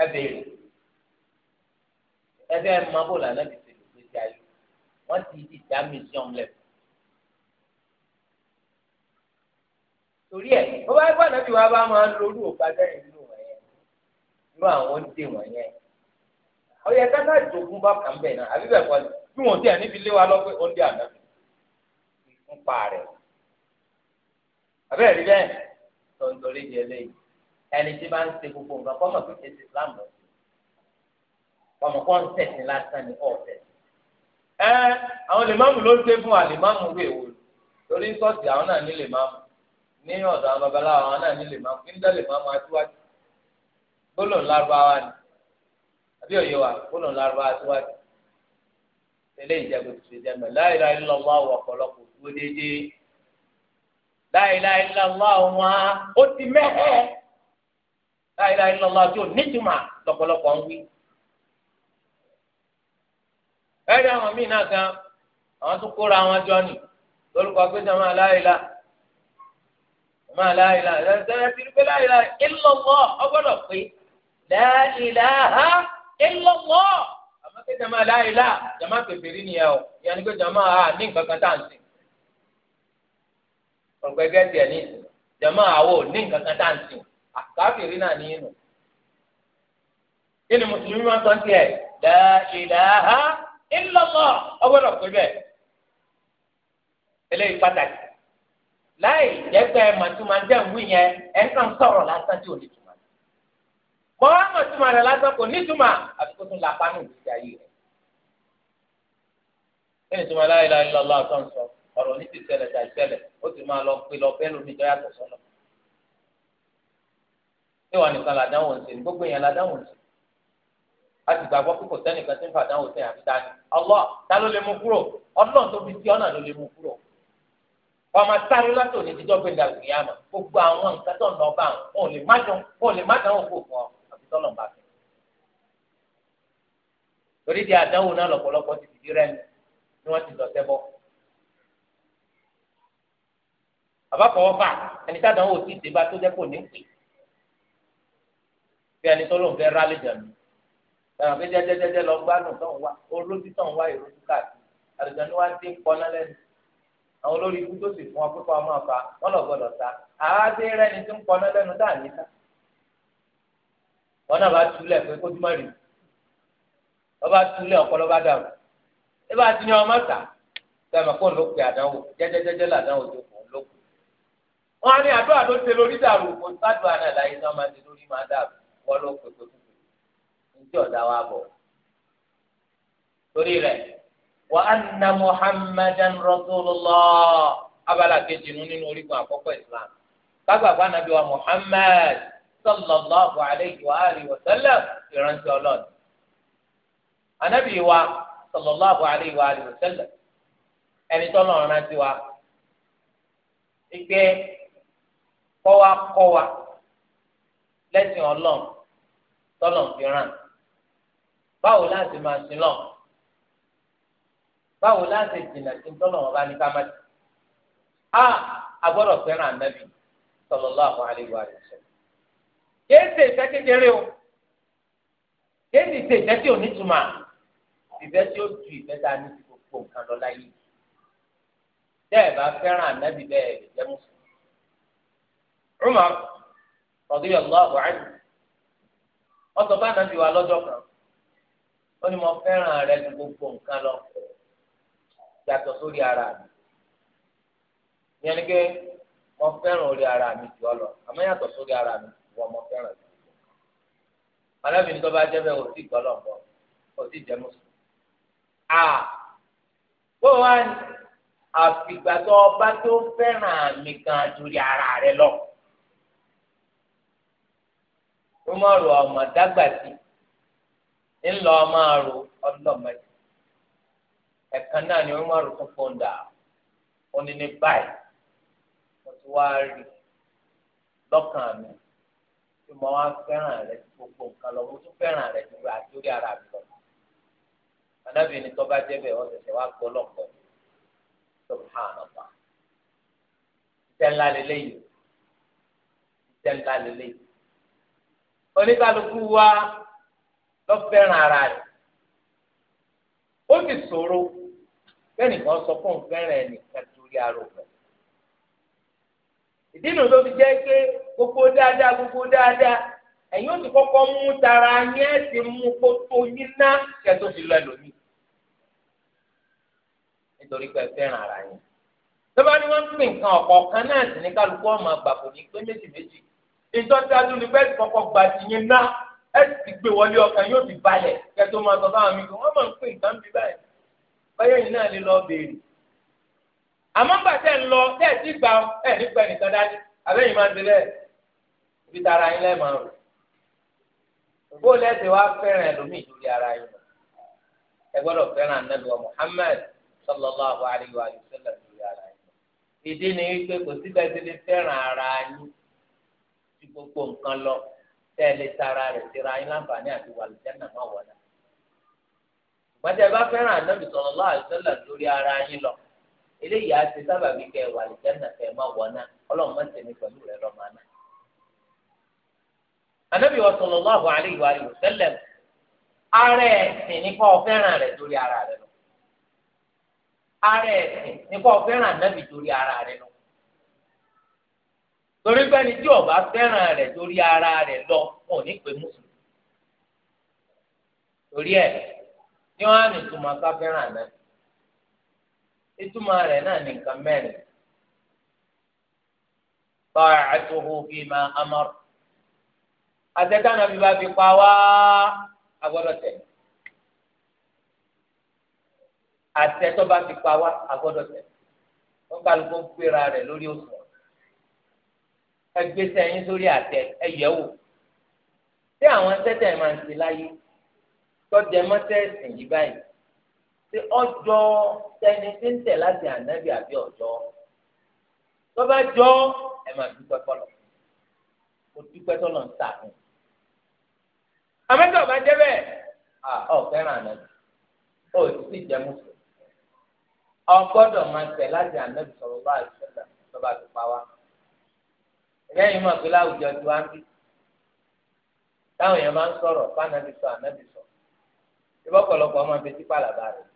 ẹ béèrè ẹ fẹ́ na bó lànà ti ṣe ayé wọ́n ti di dá mission torí bó bá gbọ́dọ̀ bí wàá bá lórí òkú nínú nínú àwọn oúnjẹ ọyẹ kátà bá kàn náà àbí bẹ́ẹ̀ kọ́ bí wọ́n ti ẹ̀ níbi lé wa lọ pé oúnjẹ àná ń pa rẹ̀ bẹ́ẹ̀ ẹni tí bá ń ṣe gbogbo nǹkan kọ́ mọ̀ pé èsì islam lọ sí ọmọ kọ́ ń tẹ̀sí lásán ní ọ̀tẹ̀. ẹ àwọn lèmọ́mù ló ń ṣe fún àlèmọ́mù rè wò torí sọ́ọ̀tì àwọn náà ní lèmọ́mù ní ọ̀dọ̀ àwọn babaláwo àwọn náà ní lèmọ́mù kí ń dá lèmọ́mù aṣíwájú gbólóhùn lárúbáwá ni àbí òye wa gbólóhùn lárúbáwá aṣíwájú tẹ̀lé ìjẹ́bù ti ṣe jẹ́mẹ̀ la ilaha illallah àwọn ọ̀pọ̀lọpọ̀ dúró déédéé la ilaha illallah àwọn ó ti mẹ́hẹ́ẹ́ la ilaha illallah tí ò nítumà lọ́pọ̀lọpọ̀ ń wí. ẹ̀rí àwọn míì náà gan àwọn tó kóra àwọn jọ nì lórúkọ pé sọ máa la ilaha máa la ilaha ti rí pé la ilaha illallah ọgbọ́dọ̀ pé la ilaha illallah àmọ́ pé jama la ilaha jama pèpèrè nìyẹn o ìyẹn ni pé jama a ní nǹkan kan tá à ń sìn ọ̀pẹ̀ tiẹ̀ ní jama àwọ̀ ní nǹkan kan tá à ń sìn. àkàfìrí náà ní kí ni mùsùlùmí máa ń sọ tiẹ̀ la ilaha illallah ọgbọ́dọ̀ pé bẹ́ẹ̀ eléyìí pàtàkì láì jẹ́ pé yẹn ẹ̀ kàn sọ̀rọ̀ lásán tí ò ní túmọ̀ rẹ̀ lásán kò ní túmọ̀ àti kó tún ayé rẹ̀ kí ni túmọ̀ ìwà nìkan làdáwò ń ṣe ní gbogbo èèyàn làdáwò ń ṣe a ti gbàgbọ́ pé kò sẹ́nìkan tí ń fa àdáwò sẹ́yìn àti dání Allah ta ló lè mú kúrò ọlọ́run tó fi sí ọ̀nà ló lè mú kúrò ọmọ sáré látò ní dídọ́ gbẹ̀dà ìyáàmà gbogbo àwọn nǹkan tó ń lọ bá wọn ò lè má dán wọn lè má dán òkú fún ọ àti tọ́lọ̀ ń bá fẹ́. torí di àdánwò náà lọ́pọ̀lọpọ̀ ti fìdí rẹ́mi ni wọ́n ti lọ sẹ́bọ̀. àbáfọwọ́fà ẹni tá àdánwò ti dé bá bí ẹni tó lóun fẹ́ rálẹ̀ jẹ̀mí ẹ̀rọ pé jẹ́jẹ́jẹ́jẹ́ lọ gbádùn tó ń wá olójú tó ń wá ìrójú káàkiri àlùjọ́ni wá dé pọ́ná lẹ́nu àwọn olórí ikú tó sì fún wa pípa ọmọ ọ̀fà wọn lọ gbọdọ̀ ta àádé rẹni tó ń pọ́ná lẹ́nu tá à ní ta wọn náà bá túlẹ̀ pé kó tó má rí wọn bá túlẹ̀ ọpọlọ bá dàrú ẹ bá ti ní ọmọ ta sẹ́mi kó ló pe àdánwò jẹ́jẹ́jẹ́jẹ́ làdánwò tó kù ló kù wọn á ní àdó àdó ṣe lórí dàrú kó sádùn àná wọn ló pèpè pèpè ntí ọ̀dà wa bọ̀ torí rẹ̀ wa anna muhammadan rasulullah abala kejì mú nínú orígun àkọ́kọ́ islam kágbàgbà nàbí wa muhammad sallallahu alayhi wa alihi wa sallam ìrántí ọlọ́ọ̀ni anabi wa sallallahu alayhi wa alihi wa sallam ẹni tọ́lọ̀ rántí wa ike kọ́ wa lẹ́sìn ọlọ́run tọ́lọ̀ fi ràn báwo láti máa sin lọ báwo láti jìnnà sí tọ́lọ̀ wọn bá ní ká má ti a agbọ́dọ̀ fẹ́ràn ànábì sallallahu alaihi wa sallam kìí ṣe ìfẹ́ kékeré o kìí sì ṣe ìfẹ́ tí ò ní túmọ̀ ìfẹ́ tí ó ju ìfẹ́ tá a ní ti gbogbo nǹkan lọ láyé tẹ́ bá fẹ́ràn ànábì bẹ́ẹ̀ lè jẹ́ mùsùlùmí. radiyallahu anhu ọsọ bá nàbí wa lọ́jọ́ kan ó ní mo fẹ́ràn rẹ ju gbogbo lọ yàtọ̀ sórí ara mi ìyẹn ni pé mo fẹ́ràn orí ara mi jù ọ lọ àmọ́ yàtọ̀ sórí ara mi wọ́n mo fẹ́ràn jù alábìnrin tó bá jẹ́ bẹ́ẹ̀ òsì gbọ́dọ̀ bọ̀ òsì jẹ́ bó wá ní àfìgbà tó ọba tó fẹ́ràn lọ. ó máa rò ọmọ dágbàtì ńlọ máa rò ọlọmọdé ẹ̀kan náà ni ó máa rò fún fọ́ńdà ó ní ní báyìí mo ti wá rí lọ́kàn mi tí mo wá fẹ́ràn rẹ tí gbogbo nǹkan lọ mo tún fẹ́ràn rẹ tí wọ́n àti orí ara mi lọ. anábìyẹn tó bá jẹ́ bẹ́ẹ̀ wọ́n ṣẹ̀ṣẹ̀ wá gbọ́ lọ́pọ̀ subhanallah. ìtẹ́ńlá lélẹ́yìí ìtẹ́ńlá lélẹ́yìí oníkálukú wa lọ fẹ́ràn ara rẹ̀ ó sì ṣòro bẹ́ẹ̀ nìkan sọ fún un fẹ́ràn ẹnìkan torí ara òfin ìdí nu tó fi jẹ́ pé gbogbo dáadáa gbogbo dáadáa ẹ̀yin ó ti kọ́kọ́ mú tara yẹn ti mú kó tó yín ná kẹ́tó ti lọ ẹlòmíì nítorí pé fẹ́ràn ara yẹn tó bá wọ́n ń pè nǹkan ọ̀kọ̀ọ̀kan náà sì ní kálukú ọmọ àgbàpọ̀ pé méjì méjì ìtọ́síwájú ni bẹ́ẹ̀ kọ́kọ́ gba tìyẹn ná ẹ sì gbé wọlé ọkàn yóò ti balẹ̀ kẹtó máa sọ fáwọn mi kò wọ́n máa ń pè nǹkan bí báyìí yìí náà lè lọ béèrè. àmọ́ gbà tẹ̀ ń lọ tẹ̀ dání máa ibi tara yín lẹ́ẹ̀ máa rò. lẹ́sẹ̀ wá ara yín ẹ gbọ́dọ̀ fẹ́ràn wa sallallahu alayhi wa ara yín. gbogbo nǹkan lọ tẹ́ ẹ lè tara rẹ̀ síra yín láǹfààní àti wàlùjẹ́nà máa wọ̀ náà. ìgbàdé bá fẹ́ràn ànábì sallallahu alaihi wasallam lórí ara yín lọ eléyìí á ti sábà bí kẹ wàlùjẹ́nà kẹ máa wọ̀ náà ọlọ́run má tẹ̀mí pẹ̀lú rẹ̀ lọ́mọ náà. ànábì wa sallallahu alaihi wasallam ara ẹ̀sìn nípa ọ̀fẹ́ràn rẹ̀ lórí ara rẹ̀ lọ. ara ẹ̀sìn nípa ọ̀fẹ́ràn ànábì lórí ara rẹ̀ lọ torí bẹ́ni tí ọba fẹ́ràn rẹ̀ torí ara rẹ̀ lọ wọn ò ní pè mùsùlùmí torí ẹ̀ ní wọn á ní ìtumọ̀ ká fẹ́ràn náà ìtumọ̀ rẹ̀ náà ní nǹkan mẹ́rin báyà àtúhù fi máa amọ̀rọ̀ àtẹ̀tánà bí bá fi pa wá agbọ́dọ̀ tẹ̀ àtẹ̀tọ́ bá fi pa wá agbọ́dọ̀ tẹ̀ wọn kálukú ń rẹ̀ lórí òṣùwọ̀n ẹgbẹ́ sẹ́yìn sórí àtẹ ẹ̀yẹ́ wò tí àwọn tẹ́tẹ̀ máa ń ṣe láyé tọ́jà mọ́tẹ́ẹ̀sì yìí báyìí tí ọjọ́ tẹni tí ń tẹ̀ láti ànábì àbí ọjọ́ tó bá jọ ẹ̀ máa dúpẹ́ fọlọ́ mo dúpẹ́ tọ́lọ̀ ń sàkún àmọ́tọ̀ bá jẹ́ bẹ́ẹ̀ ọ fẹ́ràn ànábì ó sì jẹ́ mùsùlùmí ọgbọ́dọ̀ máa tẹ̀ láti ànábì sọ̀rọ̀ bá àṣẹ tó bá ti pa wá lẹ́yìn mọ̀ pé láwùjọ tí wọ́n á bí táwọn èèyàn máa ń sọ̀rọ̀ fáànàbì sọ ànábì sọ ìbọ̀pọ̀lọpọ̀ ọmọ abẹ́tí pàlàbà rẹ̀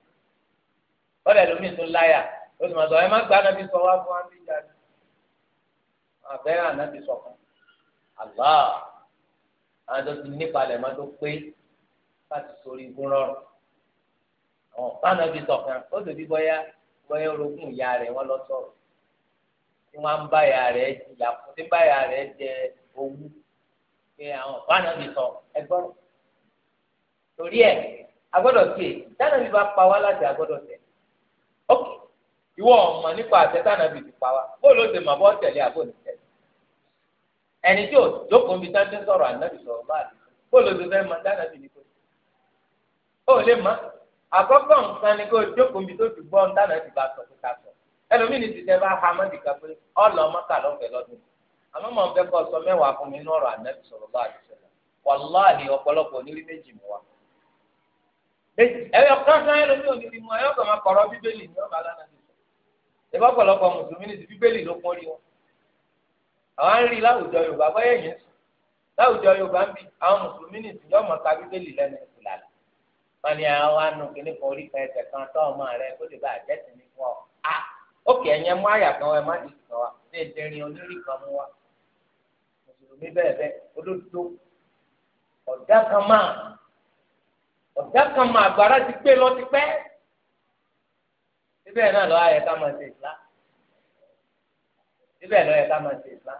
wọ́n lẹ̀ lómi tún láyà ó sì máa sọ ẹ má gba ànábì sọ wá fún wa bí jáde àbẹ́rẹ́ ànábì sọ kan àlá àwọn tó ti nípa rẹ̀ máa tó pé láti sórí igun rọrùn àwọn fáànàbì sọ kan ó sì bí bọ́yá bọ́yá orogún ìyá rẹ̀ wọ́n lọ sọ̀rọ̀ tí wọ́n ń báyà rẹ̀ jìyà fún tí báyà rẹ̀ jẹ owó pé àwọn fáànà mi sọ ẹgbọ́n torí ẹ̀ agbọ́dọ̀ tiẹ̀ dáná mi bá pa wá láti agbọ́dọ̀ tẹ̀ ok ìwọ ọmọ nípa àtẹ dáná mi ti pa wá bóòlù ó ti mọ̀ bọ́ tẹ̀lé àbóòlù tẹ̀lé ẹni tí ò jókòó mi dáná sọ̀rọ̀ ànábì sọ̀rọ̀ báà bóòlù ó ti fẹ́ mọ dáná mi ní kò ó lè mọ àkọ́kọ́ nǹkan ni kó jókòó mi tó ti gbọ́ dáná mi bá sọ̀ ẹlòmíì ní tìtẹ́ bá ha mọ́ dìgbà pé ọ̀lọ́ ọmọkà lọ́fẹ̀ẹ́ lọ́dún àmọ́ mọ̀ fẹ́ kọ́ sọ mẹ́wàá fún mi nọ́ọ̀rọ̀ ànábì sọ̀rọ̀ bá àdìsẹ́lẹ̀ wàláhì ọ̀pọ̀lọpọ̀ onírí méjì mú wa. ẹyọ kan sáyẹn lómi ò ní ti mú ẹyọ kan máa kọ̀rọ̀ bíbélì ní ọ̀bà lánàá ti sọ ìbá ọ̀pọ̀lọpọ̀ mùsùlùmí ní ti bíbélì ló pọ́n rí wọn. àwọn ń rí láwùjọ yorùbá bọ́ ẹ̀yìn sùn láwùjọ yorùbá ń bi àwọn mùsùlùmí ní ti yọ̀ọ̀mọ̀ ka bíbélì lẹ́nu ìlànà wọn ni àwọn anù kìnnìkan orí kan ẹsẹ̀ kan tọ́ ọmọ rẹ kó lè bá àjẹsìn ní fún ọ ah! ókè ẹ̀yẹ mú àyà kan wá ẹ má dìbò kan wá ṣé ẹ dẹrin onírì kan mú wá mùsùlùmí bẹ́ẹ̀ bẹ́ẹ̀ olódodo ọ̀dà kan máa ọ̀dà kan máa àgbàrá ti pé lọ ti pẹ́ síbẹ̀ náà lọ́ọ́ yẹ ká máa ṣe ìsìlá síbẹ̀ lọ́ọ́ yẹ ká máa ṣe ìsìlá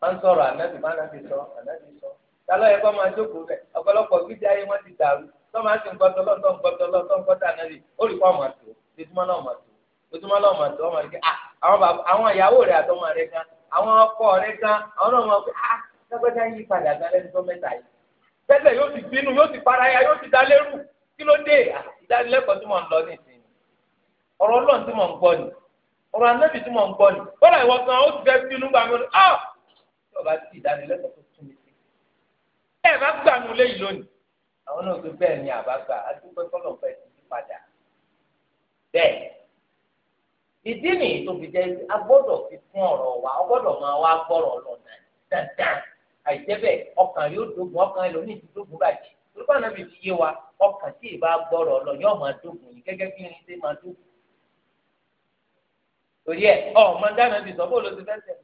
máa ń sọ̀rọ̀ ànábì máa náà ti sọ ànábì sọ tálọ́ yẹ kó máa jókòó rẹ̀ ọ̀pọ̀lọpọ̀ gidi ayé wọn ti dàrú tọ́ máa ti ń gbọ́tọ́ lọ́tọ́ ń gbọ́tọ́ lọ́tọ́ ń gbọ́tọ́ ànábì ó rí kó àwọn àtò o tún máa lọ ọmọ àti ọmọ rẹ ah àwọn bàbá àwọn ìyàwó rẹ àtọmọ rẹ gan àwọn ọkọ rẹ gan àwọn náà mọ pé ah sẹgbẹta yí padà gan lẹnu tó mẹ́ta yìí tẹsẹ yóò ti bínú yóò ti paraya yóò ti dalérú kí ló dé ah, ìdánilẹ́kọ̀ọ́ tí mò ń lọ ní ìsinmi ọ̀rọ̀ Ọlọ́run tí mò ń gbọ́ ni ọ̀rọ̀ anábì tí mò ń gbọ́ ni bọlá ìwọ kan ó ti fẹ́ bínú gbà ah ọba ti ìdánilẹ́kọ̀ọ́ tó tún mi sí ẹ bá gbà mí lẹ́yìn lónìí àwọn náà tó bẹ́ẹ̀ ni àbá gbà á ìdí ni tó fi jẹ́ a gbọ́dọ̀ fi fún ọ̀rọ̀ wa a gbọ́dọ̀ máa wá gbọ́rọ̀ lọ́nà dandan àìjẹ́ bẹ́ẹ̀ ọkàn yóò dógun ọkàn ẹlòmíì ti dógun bàjẹ́ olùkọ́ àná mi fi yé wa ọkàn tí ì bá gbọ́rọ̀ lọ yóò máa dógun yìí gẹ́gẹ́ bí irin ṣe máa dógun. torí ẹ ọ ọmọ dáná ti sọ bóòlù ti fẹsẹ̀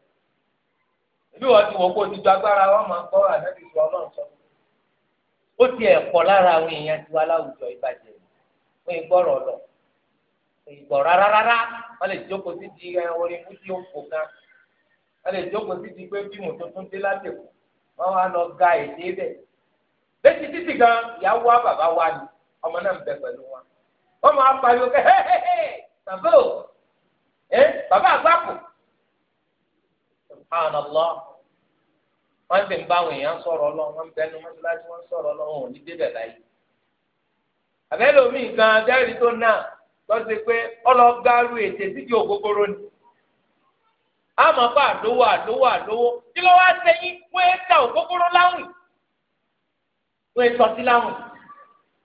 bí wọ́n ti wọ́n kó ti ju agbára wọn máa gbọ́ àná ti sọ ọlọ́run sọ. ó ti ẹ̀ pọ̀ lára àwọn èèyàn tiwa láwùjọ ìbàjẹ́ fún ìgbọ́rọ̀ lọ ìgbọ̀ rárá rárá wọ́n lè jókòó sí di eh, orin fújì òǹkò kan wọ́n lè jókòó sí di pé fíìmù tuntun dé látẹ̀kù wọ́n wá lọ ga èdè bẹ̀. létí títì gan ìyàwó wa bàbá wa ni ọmọ náà ń bẹ pẹ̀lú wa wọ́n máa pariwo ẹ bàbá eh, àgbàpọ̀ wọ́n ti ń bá àwọn èèyàn sọ̀rọ̀ wọ́n ń bẹnu wọ́n sọ̀rọ̀ ò ní débẹ̀ láyé àbẹ́lẹ̀ omi lọ́sẹ̀ pé ọlọ́gàrú ètè sídìí ògógóró ni. àmọ́ bá àdówó àdówó àdówó kí ló wá sẹ́yìn wọ́n ta ògógóró láwìn wọ́n ẹ̀ láwìn.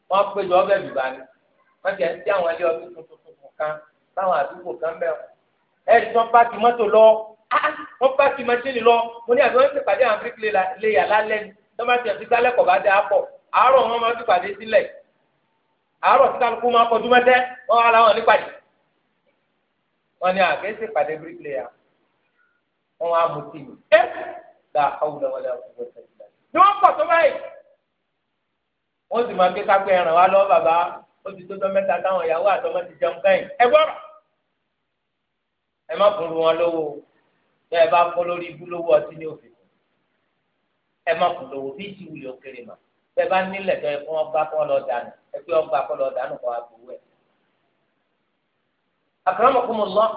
wọ́n péjọ ọbẹ̀ bìbá ni wọ́n àwọn tuntun tuntun kan láwọn àdúgbò kan mọ́tò lọ wọ́n mọ́tìnì lọ mo ní wọ́n ti pàdé àwọn léyà lálẹ́ ni àárọ̀ tí kálukú máa kọjú mẹ́tẹ́ wọ́n wá láwọn nípàdé wọ́n ní àgbẹ̀sẹ̀ pàdé bíríkìlẹ̀yà wọ́n wá mú tì mí ẹ́ gba àwùjọ wọlé ọkùnrin ọ̀sẹ̀ ìgbà ni wọ́n pọ̀ tó báyìí wọ́n sì máa ké kápẹ́ ẹ̀ràn wá lọ́wọ́ bàbá ó ti tó tọ́ mẹ́ta táwọn ìyàwó àtọmọ ti jẹun kẹ́yìn ẹ gbọ́rọ̀ ẹ má fún wọn lówó tẹ́ ẹ bá fọ́ lórí ibú lówó ọtí ní òfin ẹ má fún lówó bí ìtìwúlẹ̀ òkèrè màá bẹ́ẹ̀ bá nílẹ̀ tó yẹ kó wọ́n gbá kó lọ dànù ẹ pé wọ́n gbá kó lọ dànù kó wá gbowó ẹ̀. akramakumullah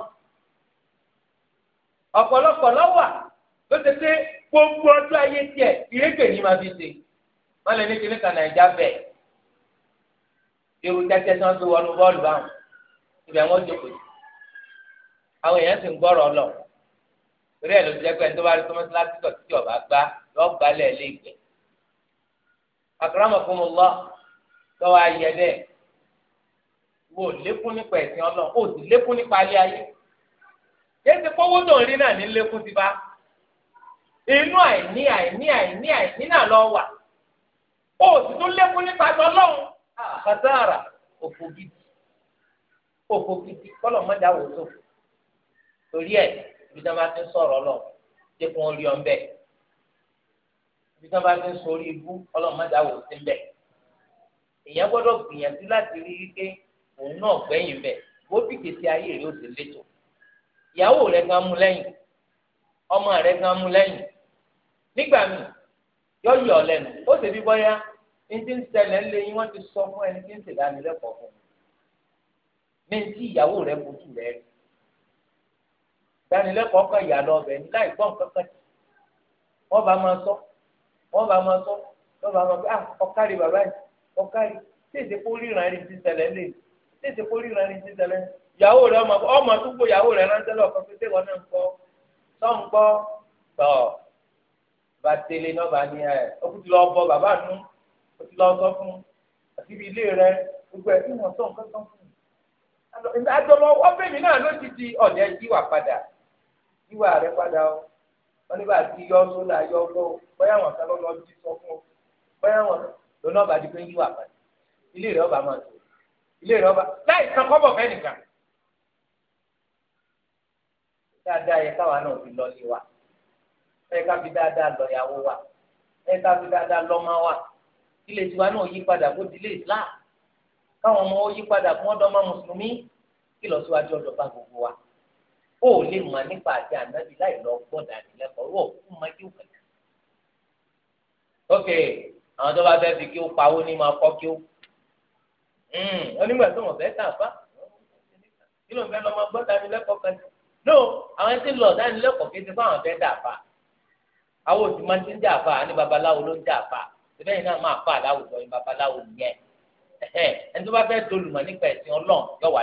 ọ̀pọ̀lọpọ̀ lọ́wà ló ti pé gbogbo ọdún ayé tiẹ̀ ìrégbè ní ma fi ṣe wọ́n lè ní kíní kan nàìjà bẹ̀ irú tẹ́tẹ́ tí wọ́n fi wọnú bọ́ọ̀lù báwọn ibẹ̀ wọ́n jókòó àwọn èèyàn sì ń gbọ́rọ̀ lọ torí ẹ̀ ló ti jẹ́ pé ẹni tó bá rí tọ́mọ́sí láti títí ọ̀bá gbá lọ́ọ́ gbálẹ̀ akramakumullah lọ́wọ́ ayẹ bẹ́ẹ̀ wò lékún nípa ẹ̀sìn ọlọ́run ó sì lékún nípa alẹ́ ayé kéde kówó tó ń rí náà ní lékún ti bá inú àìní àìní àìní àìní náà lọ wà ó sì tún lékún nípa tọlọ́run àkàtàrà òfò gidi òfò gidi kọ́lọ̀ mọ́jà wò sófò torí ẹ̀ ìdí tí wọ́n bá ti ń sọ̀rọ̀ lọ jẹ́ kí wọ́n rí ibi tó bá ti ń sori ibú ọlọ́run mẹ́ta wò sí mbẹ̀ èèyàn gbọ́dọ̀ gbìyànjú láti rí i pé òun náà gbẹ̀yìn bẹ̀ bó bìkì sí ayé rẹ̀ ó sì létò ìyàwó rẹ̀ gan mú lẹ́yìn ọmọ rẹ̀ gan mú lẹ́yìn nígbà míì yọ yọ lẹ́nu ó sì bí bọ́yá ní ti ń ṣẹlẹ̀ ńlẹ̀ yín wọ́n ti sọ fún ẹni tí ń ṣèdánilẹ́kọ̀ọ́ fún mi ní ti ìyàwó rẹ̀ kojú rẹ̀ rí ìdánilẹ́kọ̀ọ́ kan ìyàlọ́ ọbẹ̀ ní láì gbọ́n kankan wọ́n bá máa sọ wọ́n bá máa sọ wọ́n bá máa pé ah ọ̀kárì bàbá yìí ọ̀kárì tí èsè kó ríran ẹni ti ṣẹlẹ̀ lè tí èsè kó ríran ẹni ti ṣẹlẹ̀ yàwó rẹ ọmọ ọmọ tó gbó yàwó rẹ ránṣẹ́ lọ́kọ́ pé tẹ́wọ́n náà ń kọ́ tọ́ ń kọ́ tọ́ bá tẹ́lẹ̀ náà bá ní ẹ̀ ó ti lọ bọ bàbá nù ó ti lọ sọ fún àti ibi ilé rẹ gbogbo ẹ̀ ìwọ̀n tó nǹkan tán fún un àjọlọ ọbẹ̀ mi náà ló ti di ọ̀dẹ̀ yíwà padà yíwà rẹ padà o wọ́n nígbà tí yọ sólà yọ gbọ́ bóyá wọn kan lọ́lọ́ ti sọ fún ọ bóyá wọn lọ́nà ọba di pé ń yíwà padà ilé rẹ̀ ọba máa tó ilé rẹ̀ ọba láì san kọ́bọ̀ fẹ́ nìkan. dáadáa yẹ káwa náà fi lọ sí wa ẹ ká fi dáadáa lọ ìyàwó wa ẹ ká fi dáadáa lọ́mọ wa ilé tiwa náà yí padà kó dilé Islam káwọn ọmọ ó yí padà fún ọ̀dọ́ ọmọ mùsùlùmí kí lọ síwájú ọ̀dọ̀ bá gbogbo wa ó lè mọ̀ nípa àti ànábì láì lọ gbọ́dọ̀ àtìlẹ́kọ̀ọ́ wọ̀ fún ma kí ó kàn. ok àwọn tó bá fẹ́ fi kí ó pawó ní máa kọ́ kí ó. onígbà hmm, tó wọn fẹ́ tà bá kí ló ń fẹ́ lọ máa gbọ́dọ̀ àtìlẹ́kọ̀ọ́ kan no àwọn ẹni tí lọ dánilẹ́kọ̀ọ́ kí ti fún àwọn fẹ́ dà bá. àwọn òsì máa ti ń dà bá ní babaláwo ló ń dà bá síbẹ̀ yìí náà máa fà láwùjọ ní babaláwo yẹn ẹni tó bá fẹ́ dolùmọ̀ nípa ẹ̀sìn ọlọ́run yọ wà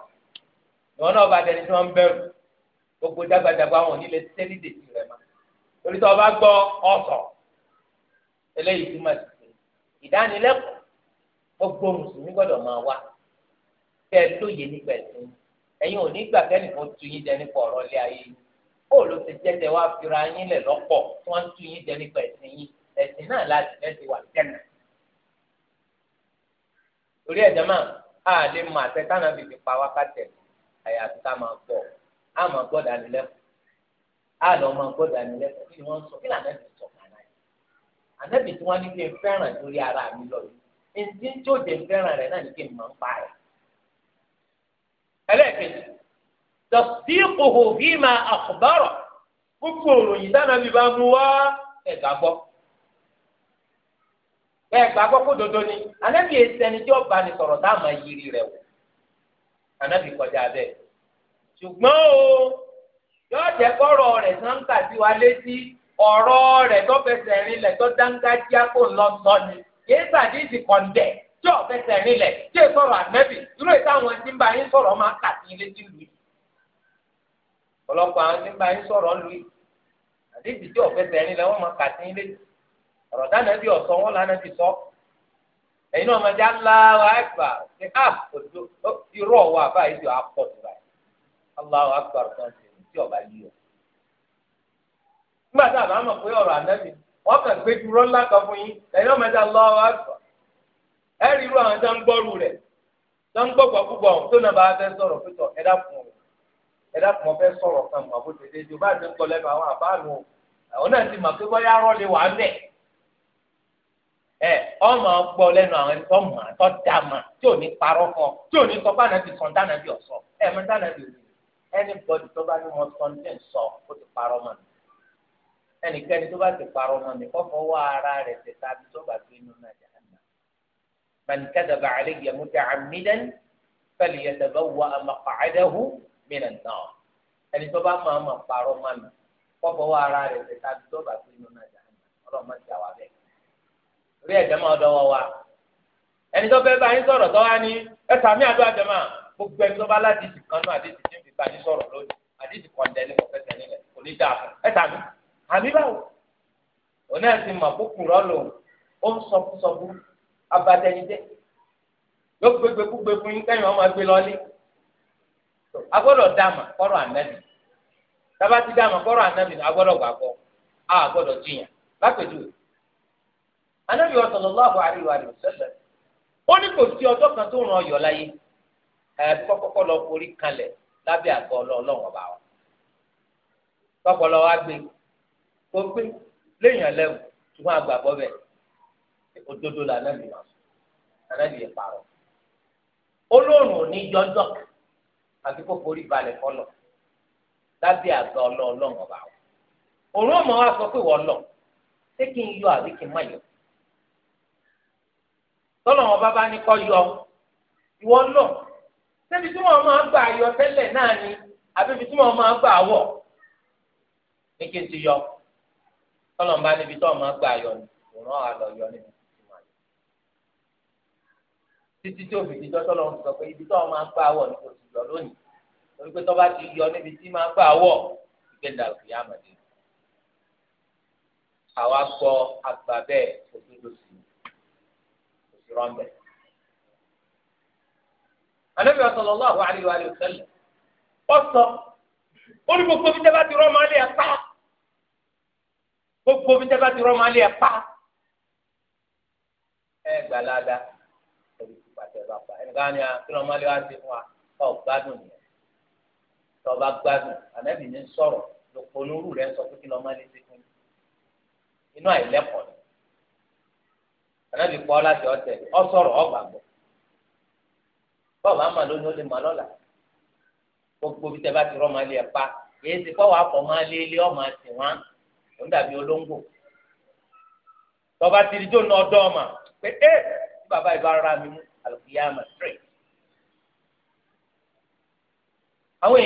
ìwọ náà bá dẹni tí wọ́n bẹ̀rù gbogbo dàgbàdàgbà wọn nílé sẹ́ni dèjì rẹ̀ ma torí tí wọ́n bá gbọ́ ọ̀sọ̀ eléyìí túmọ̀ sí pé ìdánilẹ́kọ̀ọ́ gbogbo mùsùlùmí gbọ́dọ̀ máa wá kẹ́ ẹ lóye nípa ẹ̀sìn ẹ̀yin ò ní gbà kẹ́nìkan tu yín jẹ nípa ọ̀rọ̀ ilé ayé yín ó ló ti jẹ́jẹ́ wá fira yín lẹ̀ lọ́pọ̀ tí wọ́n tu yín jẹ nípa ẹ̀sìn yín ẹ̀sìn náà láti ẹ̀sìn wà tẹ́nà torí ẹ̀jẹ̀ máa a mọ àtẹ tánà bìbí pa wákàtẹ́ àyàfi ká máa gbọ́ á máa gbọ́ dánilẹ́kọ̀ọ́ á lọ máa gbọ́ dánilẹ́kọ̀ọ́ kí ni wọ́n sọ kí ni ànábì sọ kàná yìí ànábì tí wọ́n ní kí n fẹ́ràn lórí ara mi lọ yìí ń tó dé fẹ́ràn rẹ̀ náà ní kí n máa ń pa rẹ̀. ẹlẹ́ẹ̀kejì gbogbo òròyìn dáná bá mú wá kó dodo ni ànábì kọjá bẹ́ẹ̀ ṣùgbọ́n o yóò jẹ́ kọ́rọ̀ rẹ̀ sàn kà sí wa létí ọ̀rọ̀ rẹ̀ tó fẹsẹ̀ rinlẹ̀ tó dángájíá kó lọ sọ ni kìí sàdíìsì kọ̀ǹdẹ̀ tí ò fẹsẹ̀ rinlẹ̀ tí è sọ̀rọ̀ ànábì irú ètò àwọn tí ń bá yín sọ̀rọ̀ máa kà sí létí lùú ọ̀pọ̀lọpọ̀ àwọn tí ń bá yín sọ̀rọ̀ lùú àdéhìí tí ò fẹsẹ̀ rinlẹ̀ wọ́n máa kà sí létí ọ̀rọ̀ dáná bí ọ̀sán wọn lánàá ti sọ ẹ̀yin náà máa jẹ́ aláwọ̀ àgbà ṣe á òdo irú ọ̀wọ́ àbá yìí yóò tó báyìí àgbà kan ṣe tí ọba yí ọ. nígbà tá a bá mọ̀ pé ọ̀rọ̀ ànábì wọ́n kàn gbé dúró ńlá kan fún yín náà máa rí irú àwọn rẹ̀ púpọ̀ tó náà bá fẹ́ sọ̀rọ̀ pẹ̀tọ̀ ọ fẹ́ sọ̀rọ̀ ẹ ọmọ gbọ́ lẹ́nu àwọn ẹni tó mọ̀ tó dà mà tí ò ní parọ́ fún ọ tí ò ní sọ pé ànábì sọ dáná bí ọsọ ẹ mọ dáná bí òbí ẹni bọdì tó bá ní mo sọ ní tẹ̀ sọ ó ti parọ́ mọ́ mi ẹnikẹ́ni tó bá ti parọ́ mọ́ mi kọfọ wọ ara rẹ̀ ti ta bí tó bá gbé inú náà jà ẹnà man kadaba alayya muta'ammidan falyatabawwa' maq'adahu minan nar ẹni tó bá máa ma parọ́ mọ́ mi kọfọ wọ ara rẹ̀ ti ta bí tó bá gbé orí ẹ̀jẹ̀ máa dọ́wọ́ wa ẹni tó fẹ́ bá yín sọ̀rọ̀ tó wá ní ẹ sàmì àdó àjẹmọ́ gbogbo ẹni tó bá láti kan náà àdéhùn tí ń fi bá yín sọ̀rọ̀ lónìí àdéhùn ní kọ̀fẹ́ tẹ̀lé kò ní dáa ẹ sàmì àmì báwo òun náà ti mọ̀ kókù rọ́ọ̀lù ó ń abatẹnidẹ yóò gbégbé fún yín kẹ́yìn ọmọ gbé agbọ́dọ̀ dàmà anábì sallallahu alaihi wa sallam ó ní kò sí ọjọ́ kan tó ràn ọyọ̀ láyé àyàfi kọ́kọ́kọ́ lọ forí kalẹ̀ lábẹ́ àgọ́ ọlọ́run ọba wa kọ́kọ́ lọ wá gbé kó gbé léèyàn lẹ́wù ṣùgbọ́n àgbàgbọ́ bẹ̀ òdodo là nàbì wà nàbì yẹn parọ́ olóòrùn ò ní jọjọ́ àfi kó forí balẹ̀ kọ́lọ̀ lábẹ́ àgọ́ ọlọ́run ọba wa òun ò mọ̀ wá sọ pé wọ́n lọ ṣé kí n yọ àbí kí n má yọ tọ́lọ̀ wọn bá bá ní kọ́ yọ ìwọ lọ ṣebí tí wọ́n máa gbà yọ tẹ́lẹ̀ náà ni àbí ibi tí wọ́n máa gbà wọ̀ ní kí n ti yọ tọ́lọ̀ ń bá níbi tí wọ́n máa gbà yọ ni òun á lọ yọ níbi tí wọ́n máa yọ. títí tí òfin ìjọ tọ́lọ̀ ń sọ pé ibi tí wọ́n máa gbà wọ̀ ni kò sì yọ lónìí torí pé tọ́ba ti yọ níbi tí máa gbà wọ̀ ìgbẹ́dàgbé àmọ̀dé àwa gbọ́ àgbà bẹ́ẹ̀ òdò irọ́ ń bẹ̀. ànábì sallallahu wa sallam ọ̀sọ̀ ó ní gbogbo bíjẹ́ bá ti rọ́ ẹ̀ pa gbogbo bíjẹ́ bá ti rọ́ ẹ̀ pa ẹ̀ gbàládà ẹ̀rí ti pàṣẹ bá pa ni wá sí fún wa ọ̀ gbádùn tọ́ba gbádùn sọ̀rọ̀ lọ́pọ̀ ànábì kọ́ láti ọ̀tẹ̀ ọ̀sọ̀rọ̀ ọ̀gbàgbọ́ bọ́ọ̀bù àmà lónìí ó lè mọ̀ gbogbo bí tẹ́ bá ti rọ́ máa lé ẹ̀ pa kìí ti ma lili fọ̀ máa lé ilé ọmọ àti wọn ó dàbí olóńgbò tọba ti di jóná ọdọ ọmọ pé ẹ tí bàbá ìbára mi mú àlùkìyà mà àwọn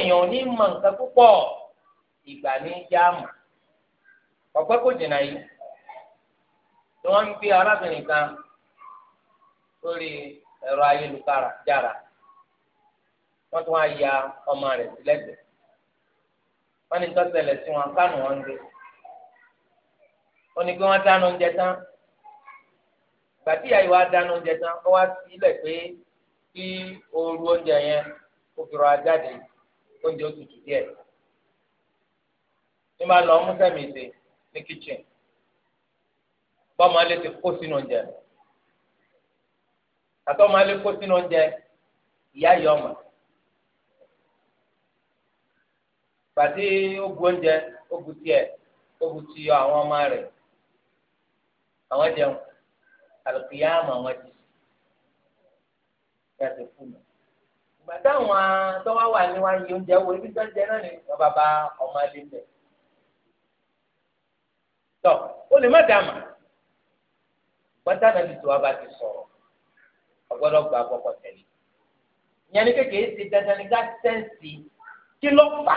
èèyàn tí wọ́n ń gbé arábìnrin kan sórí ẹ̀rọ ayélujára jára wọ́n tún á ya ọmọ rẹ̀ sílẹ̀gbẹ̀ wọ́n ní tọ́sẹ̀lẹ̀ sí wọn kánú wọn gbé wọ́n ní pé wọ́n dáná oúnjẹ tán gbàtí ìyá ìwà dáná oúnjẹ tán wọ́n wá sílẹ̀ pé kí ooru oúnjẹ yẹn kó fi rọra jáde oúnjẹ ó díẹ̀ ní bá lọ ọmú sẹ́mi ṣe ní kíchìn tọ́mọ alẹ́ ti kó sínú oúnjẹ àtọ́mọ alẹ́ kó sínú oúnjẹ ìyá yọ ọmọ pàtí ó bu oúnjẹ ó bu tiẹ̀ ó bu ti àwọn ọmọ rẹ̀ àwọn jẹun àlùkìyàmù àwọn jẹ kí a ti fún mi ìgbà táwọn tọ́wá wà ní wá yí oúnjẹ wo ibi tó ń jẹ náà ni wọn bá bá ọmọ alẹ́ bẹ̀ tọ́ o lè má dàmà. pátá nàbí tí wàá bá ti sọ̀rọ̀ ọgbọ́dọ̀ gba àkọ́kọ́ tẹ̀lé ìyẹn kékeré ti dandan ní ká sẹ́ǹsì kí ló fà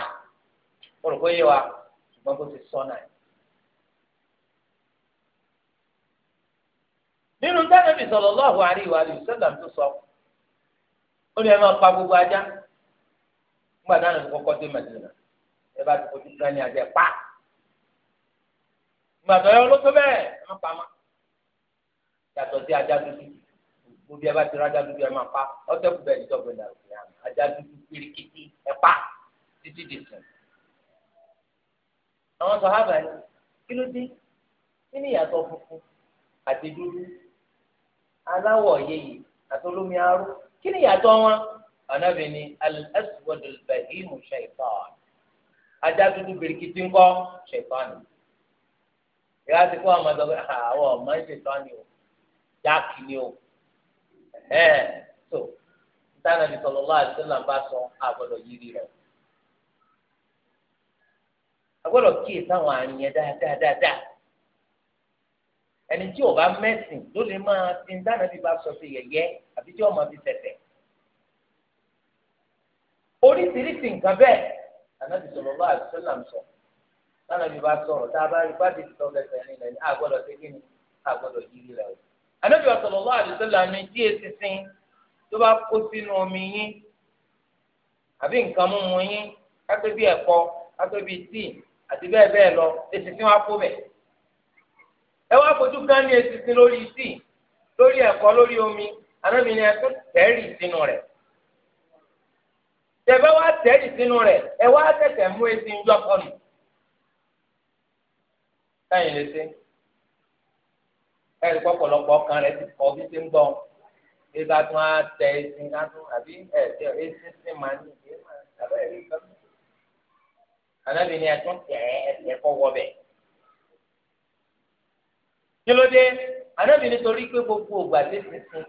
rò pé yé wa ṣùgbọ́n sọ náà. nínú tó sọ ó ní ẹ máa gbogbo ajá nígbà kọ́kọ́ dé ẹ bá ti ajá pa yàtọ̀ sí ajá dúdú gbogbo bí ẹ bá ti rá ajá dúdú ẹ máa pa ọ̀sẹ̀ kù bẹ́ẹ̀ ìjọba ìdàrú ìyá ajá dúdú kirikiti ẹ pa títí di sùn. àwọn sọ̀hábà ni kí ló dé nínú ìyàtọ̀ funfun àti dúdú aláwọ̀ yeye àti olómi aró kí ni ìyàtọ̀ wọn ànábì ni al-aswadul bahimu shaitan ajá dúdú kirikiti ńkọ́ shaitan ni ìyá ti kó àwọn ọmọdé àwọn ọmọ shaitan ni o. jáàkì ni o so tó ìtàn àbí sallallahu alaihi wasallam bá sọ yiri kíyè sáwọn dáadáa dáadáa ẹni tí o bá mẹ́sìn ló lè máa ti ń dáná bá sọ sí yẹ̀yẹ́ àbí tí ọmọ fi tẹ̀tẹ̀ oríṣiríṣi nǹkan bẹ́ẹ̀ ànábì sọ bá tá a bá rí ní yiri anabi sallallahu alaihi wasallam tí esi sin tó bá kó sínú omi yín àbí nǹkan mímu yín kápẹ́ bí ẹ̀kọ kápẹ́ bí tíì àti bẹ́ẹ̀ bẹ́ẹ̀ lọ esi sin wá kó bẹ̀. ẹ wá fojú kan ní esi sin lórí tíì lórí ẹ̀kọ lórí omi anabi ni ẹ tún sínú rẹ̀ tẹ̀fẹ́ wá tẹ́rì sínú rẹ̀ ẹ wá tẹ̀tẹ̀ mú esi ń nù. ẹ̀yin lè ṣe ẹ̀rí pọ̀pọ̀lọpọ̀ kan rẹ̀ ti kọ́ bí ṣe ń gbọ́ ẹ bá tún á tẹ ẹsìn ká tún àbí ẹ tẹ ẹsìn sí màá ní ìdí màá sábẹ́ rí kọ́. ànábì ni ẹtún tẹ ẹsẹ̀ kọ́ wọbẹ̀. kí ló dé ànábì nítorí pé gbogbo ògbà lè sísìn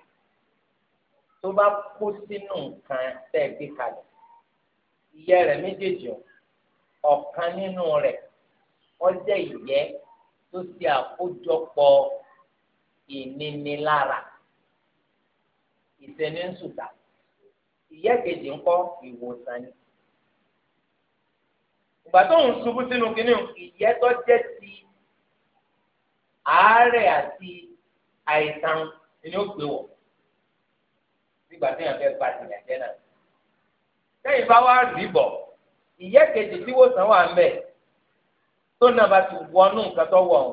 tó bá kó sínú nǹkan tẹ̀ gbé kalẹ̀ ìyẹ́ rẹ̀ méjèèjì ọ̀kan nínú rẹ̀ ọjẹ́ ìyẹ́ tó ṣe àkójọpọ̀ ìnínilára ìsẹ̀nínsùtà ìyá kejì ń kọ́ ìwòsàn ni. ìgbà tó ń ṣubú sínú kínní ìyẹ́ tó jẹ́ ti àárẹ̀ àti àìsàn ni ó gbé wọ̀ nígbà tó yàn fẹ́ ba ìyàn jẹ́ náà. sẹ́yìn bá wá rí bọ̀ ìyẹ́ kejì tí wòsàn wà ń bẹ̀ tó náà ti wọnú nǹkan tó wọ̀ ọ́n.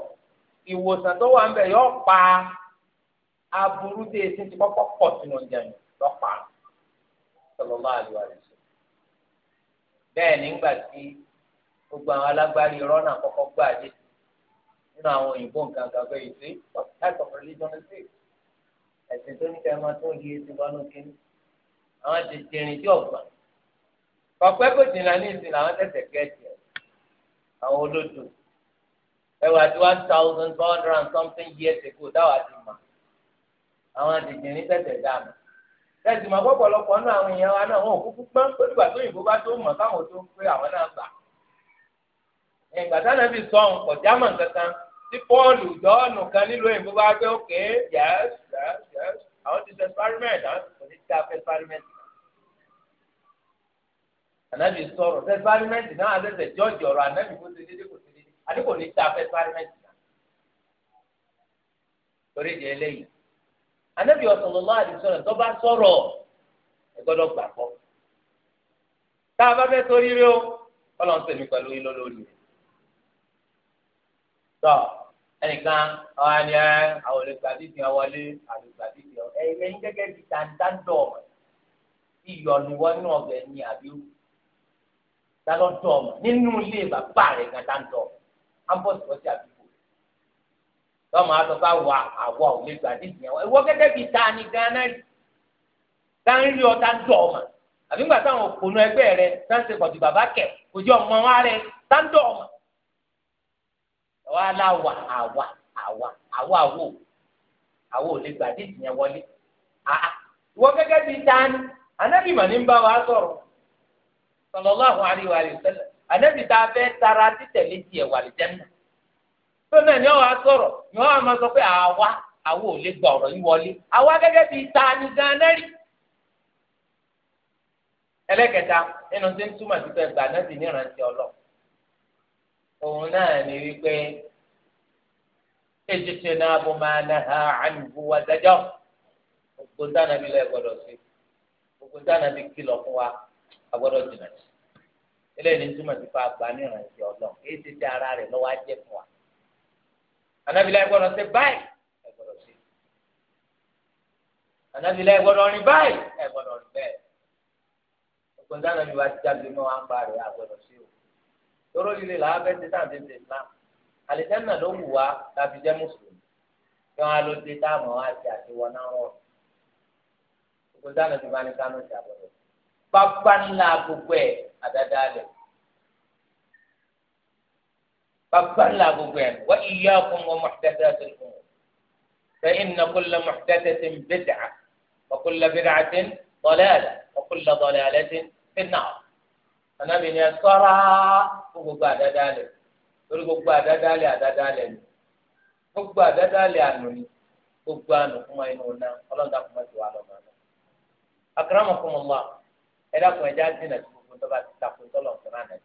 ìwòsàn tó wà ń bẹ yọ pa aburú tí èsì ti kọ́kọ́ pọ̀ sínú oúnjẹ yìí lọ́pa sọlọ́lá àlùwà rẹ̀ sọ. bẹ́ẹ̀ nígbà tí gbogbo àwọn alágbárí rọ́nà kọ́kọ́ gbà nínú àwọn òyìnbó nǹkan kan bẹ́ẹ̀ sí type of religion is it? ẹ̀sìn tó ní tó àwọn tí ẹwà tí one thousand four hundred and something years ago dáwà ti mọ àwọn àdìjì ní tẹ̀tẹ̀ dànù tẹ̀sí ma pọ̀pọ̀lọpọ̀ náà àwọn èèyàn wa náà wọn ò kúkú pọ́n pé nígbà tó yìnbó bá tó mọ̀ káwọn tó pé àwọn náà gbà ìgbà táwọn náà fi sọ ọ̀hún kọ̀ jámọ̀ kankan tí pọ́ọ̀lù dọ́ọ̀nù kan nílò òyìnbó bá gbé òkè yẹ́s yẹ́s yẹ́s àwọn ti sọ experiment àwọn kò ní ti àfẹ́ experiment ànábì sọ̀rọ̀ experiment náà àtẹ̀sẹ̀ jọ́ọ̀jì ọ̀rọ̀ ànábì kó ti dédé kò àbí kò ní ta fẹ́ pálímẹ́ǹtì náà torí di eléyìí anabi sallallahu alaihi wasallam tó bá sọ̀rọ̀ ẹ gbọ́dọ̀ gbàgbọ́ tá a bá fẹ́ torí rí o Ọlọ́run sèmi pẹ̀lú yín lórí rẹ tọ ẹnìkan ọ̀hún ẹni ẹ àwọn olùgbà bíbí ọ wọlé àlùgbà bíbí ọ ẹ ẹyin gẹ́gẹ́ bíi tàǹtàǹtà ọmọ ìyọnu wọnú ọgbẹ ní àbí tàǹtà ọmọ nínú ilé bàbá rẹ kan tàǹtà ambọ̀sibọ̀sì àdúgbò tọ́mọ àtọ́ká wà àwọ̀ ò lè gbà dídì yẹn wọ́n ìwọ́ ta ni gánà rí gánà rí ọ̀tá ń dọ̀ ọ̀mà àbí ńgbà táwọn rẹ sáńsẹ̀ pọ̀jù bàbá kẹ̀ kò jẹ́ ọmọ wa rẹ tá ń àwà àwà àà bíi ta ni anábìmọ̀ ní ń ànábì tá fẹ tara títẹ̀lé tiẹ̀ ni ọ sọ̀rọ̀ ni ọ ma máa sọ pé àwa àwa ò lè gba ọ̀rọ̀ yìí wọlé àwa gẹ́gẹ́ bíi ta ni gan-an ẹlẹ́kẹta nínú tí ń túmọ̀ sí pé gbà náà ní ìrántí òun náà ni wípé ejìṣẹ́ náà bó máa ná ha ànúbù wa dájọ́ gbogbo sí kìlọ̀ fún wa eléyìí ní túmọ̀ sí fún agba ní ìrántí ọlọ́run kì í ti ti ara rẹ̀ lọ́wọ́ ajẹ́ fún wa anábìlẹ̀ gbọ́dọ̀ ṣe báyìí ẹ gbọ́dọ̀ ṣe anábìlẹ̀ gbọ́dọ̀ rìn báyìí ẹ gbọ́dọ̀ rìn bẹ́ẹ̀ òkun dáná mi wá ti jáde mọ́ wọn pa rẹ̀ àgbọ̀dọ̀ sí o tóró líle làá ti sáà tètè Islam àlìjáná ló wù wá láti jẹ́ mùsùlùmí kí wọ́n bàbá ńlá gbogbo ẹ̀ àdáda lẹ̀ bàbá ńlá gbogbo ẹ̀ wá ìyá fún wọn mọ̀tẹ́tẹ́ tó fún wọn fẹ́yìn náà kó lọ mọ̀tẹ́tẹ́ tó ń bẹ̀ dà ọkùn lọ bẹ̀ dà tẹ́ tọ́lẹ̀ àlẹ́ ọkùn lọ tọ́lẹ̀ àlẹ́ tẹ́ fẹ́ náà ànábì ni ẹ sọ́ra fún gbogbo àdáda lẹ̀ lórí gbogbo àdáda lẹ̀ àdáda lẹ̀ ni gbogbo àdáda lẹ̀ àná ni gbogbo àná fún wa inú ọ̀nà ọlọ́dà fún wa ti wà lọ́mọ àná. akramakumullah ẹ dákun ẹja dínà tó gbogbo tó bá ti takò tọ́lọ̀ fún àná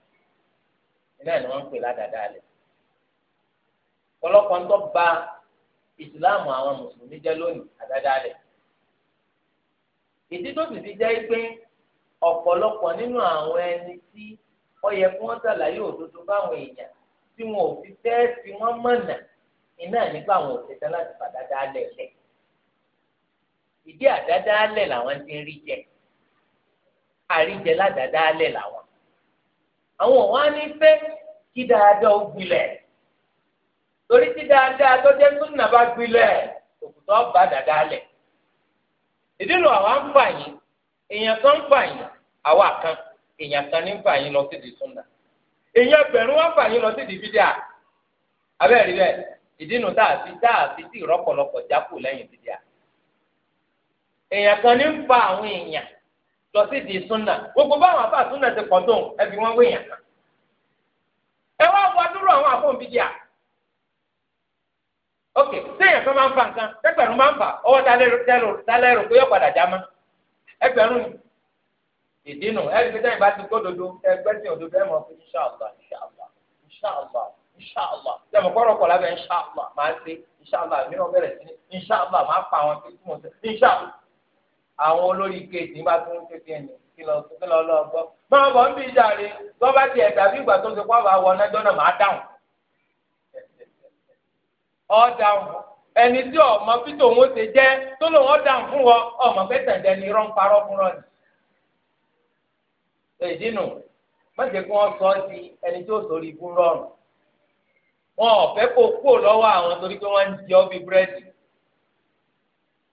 iná ni wọ́n ń pè ládàáda alẹ̀ ọ̀pọ̀lọpọ̀ ń tọ́ ba ìsìláàmù àwọn mùsùlùmí jẹ́ lónìí àdáda alẹ̀ ìdí tó sì fi jẹ́ pé ọ̀pọ̀lọpọ̀ nínú àwọn ẹni tí wọ́n yẹ kí wọ́n ṣàlàyé òdodo báwọn èèyàn tí wọn ò fi fẹ́ fi wọ́n mọ̀nà iná nípa àwọn òṣèṣẹ́ láti fàdádá alẹ̀ lẹ̀ ìdí àdádá alẹ̀ làwọn ti ń rí jẹ́ àríjẹ ládàáda lẹ̀ làwọn. àwọn wa ní fẹ́ kí dáadáa ó gbilẹ̀ torí tí dáadáa tó jẹ́ súnà bá gbilẹ̀ òkùtọ́ bá dáadáa lẹ̀. ìdílù àwa ń fà yín èèyàn kan ń àwa kan èèyàn kan ní ń fà yín lọ sí di súnà èèyàn ẹgbẹ̀rún wá fà yín lọ sí di fídíà abẹ́rẹ́ ìdínú tí ìrọ́pọ̀lọpọ̀ jákù lẹ́yìn èèyàn lọ sí di súnà gbogbo báwọn àfa súnà ti pọ̀ tó ẹ fi wọ́n wéyàn kan. ẹ wá wọ dúró àwọn àfọ̀n bíi díà. ok sẹ́yìn kan máa ń fa nǹkan ẹgbẹ̀rún máa ń fà ọwọ́ tálẹ́ rò pé yóò padà já mọ́ ẹgbẹ̀rún ni ìdínú ẹni pé sẹ́yìn bá ti kó dodo ẹgbẹ́ sí òdodo ẹ̀ mọ̀ fún inṣàlá inṣàlá inṣàlá inṣàlá sẹ́mi kọ́rọ̀ kọ̀ lábẹ́ inṣàlá máa ń ṣe inṣàlá mi náà bẹ̀rẹ̀ sí inṣàlá máa pa àwọn tó túmọ̀ sí inṣàlá àwọn olórí kejì bá tún ń tètè ẹni kí lọ kí lọ lọ gbọ́. máa bọ̀ ń bí jàre tó bá tiẹ̀ dàbí ìgbà tó ti pààrọ̀ àwọn ọ̀nàjọ́ náà máa dáhùn. ọ̀ dáhùn ẹni tí ọmọ pító òun ṣe jẹ́ tó lòun ọ̀ dáhùn fún wọn ọmọ fẹ́ tẹ̀jẹ̀ ni irọ́ ń parọ́ fún rọ́ ni. èyí nù má jẹ́ kí wọ́n sọ ọ́ di ẹni tó sórí ikú rọrùn. wọn ò fẹ́ kó kúrò lọ́wọ́ àwọn torí pé wọ́n ń jẹ ọ́ bíi búrẹ́dì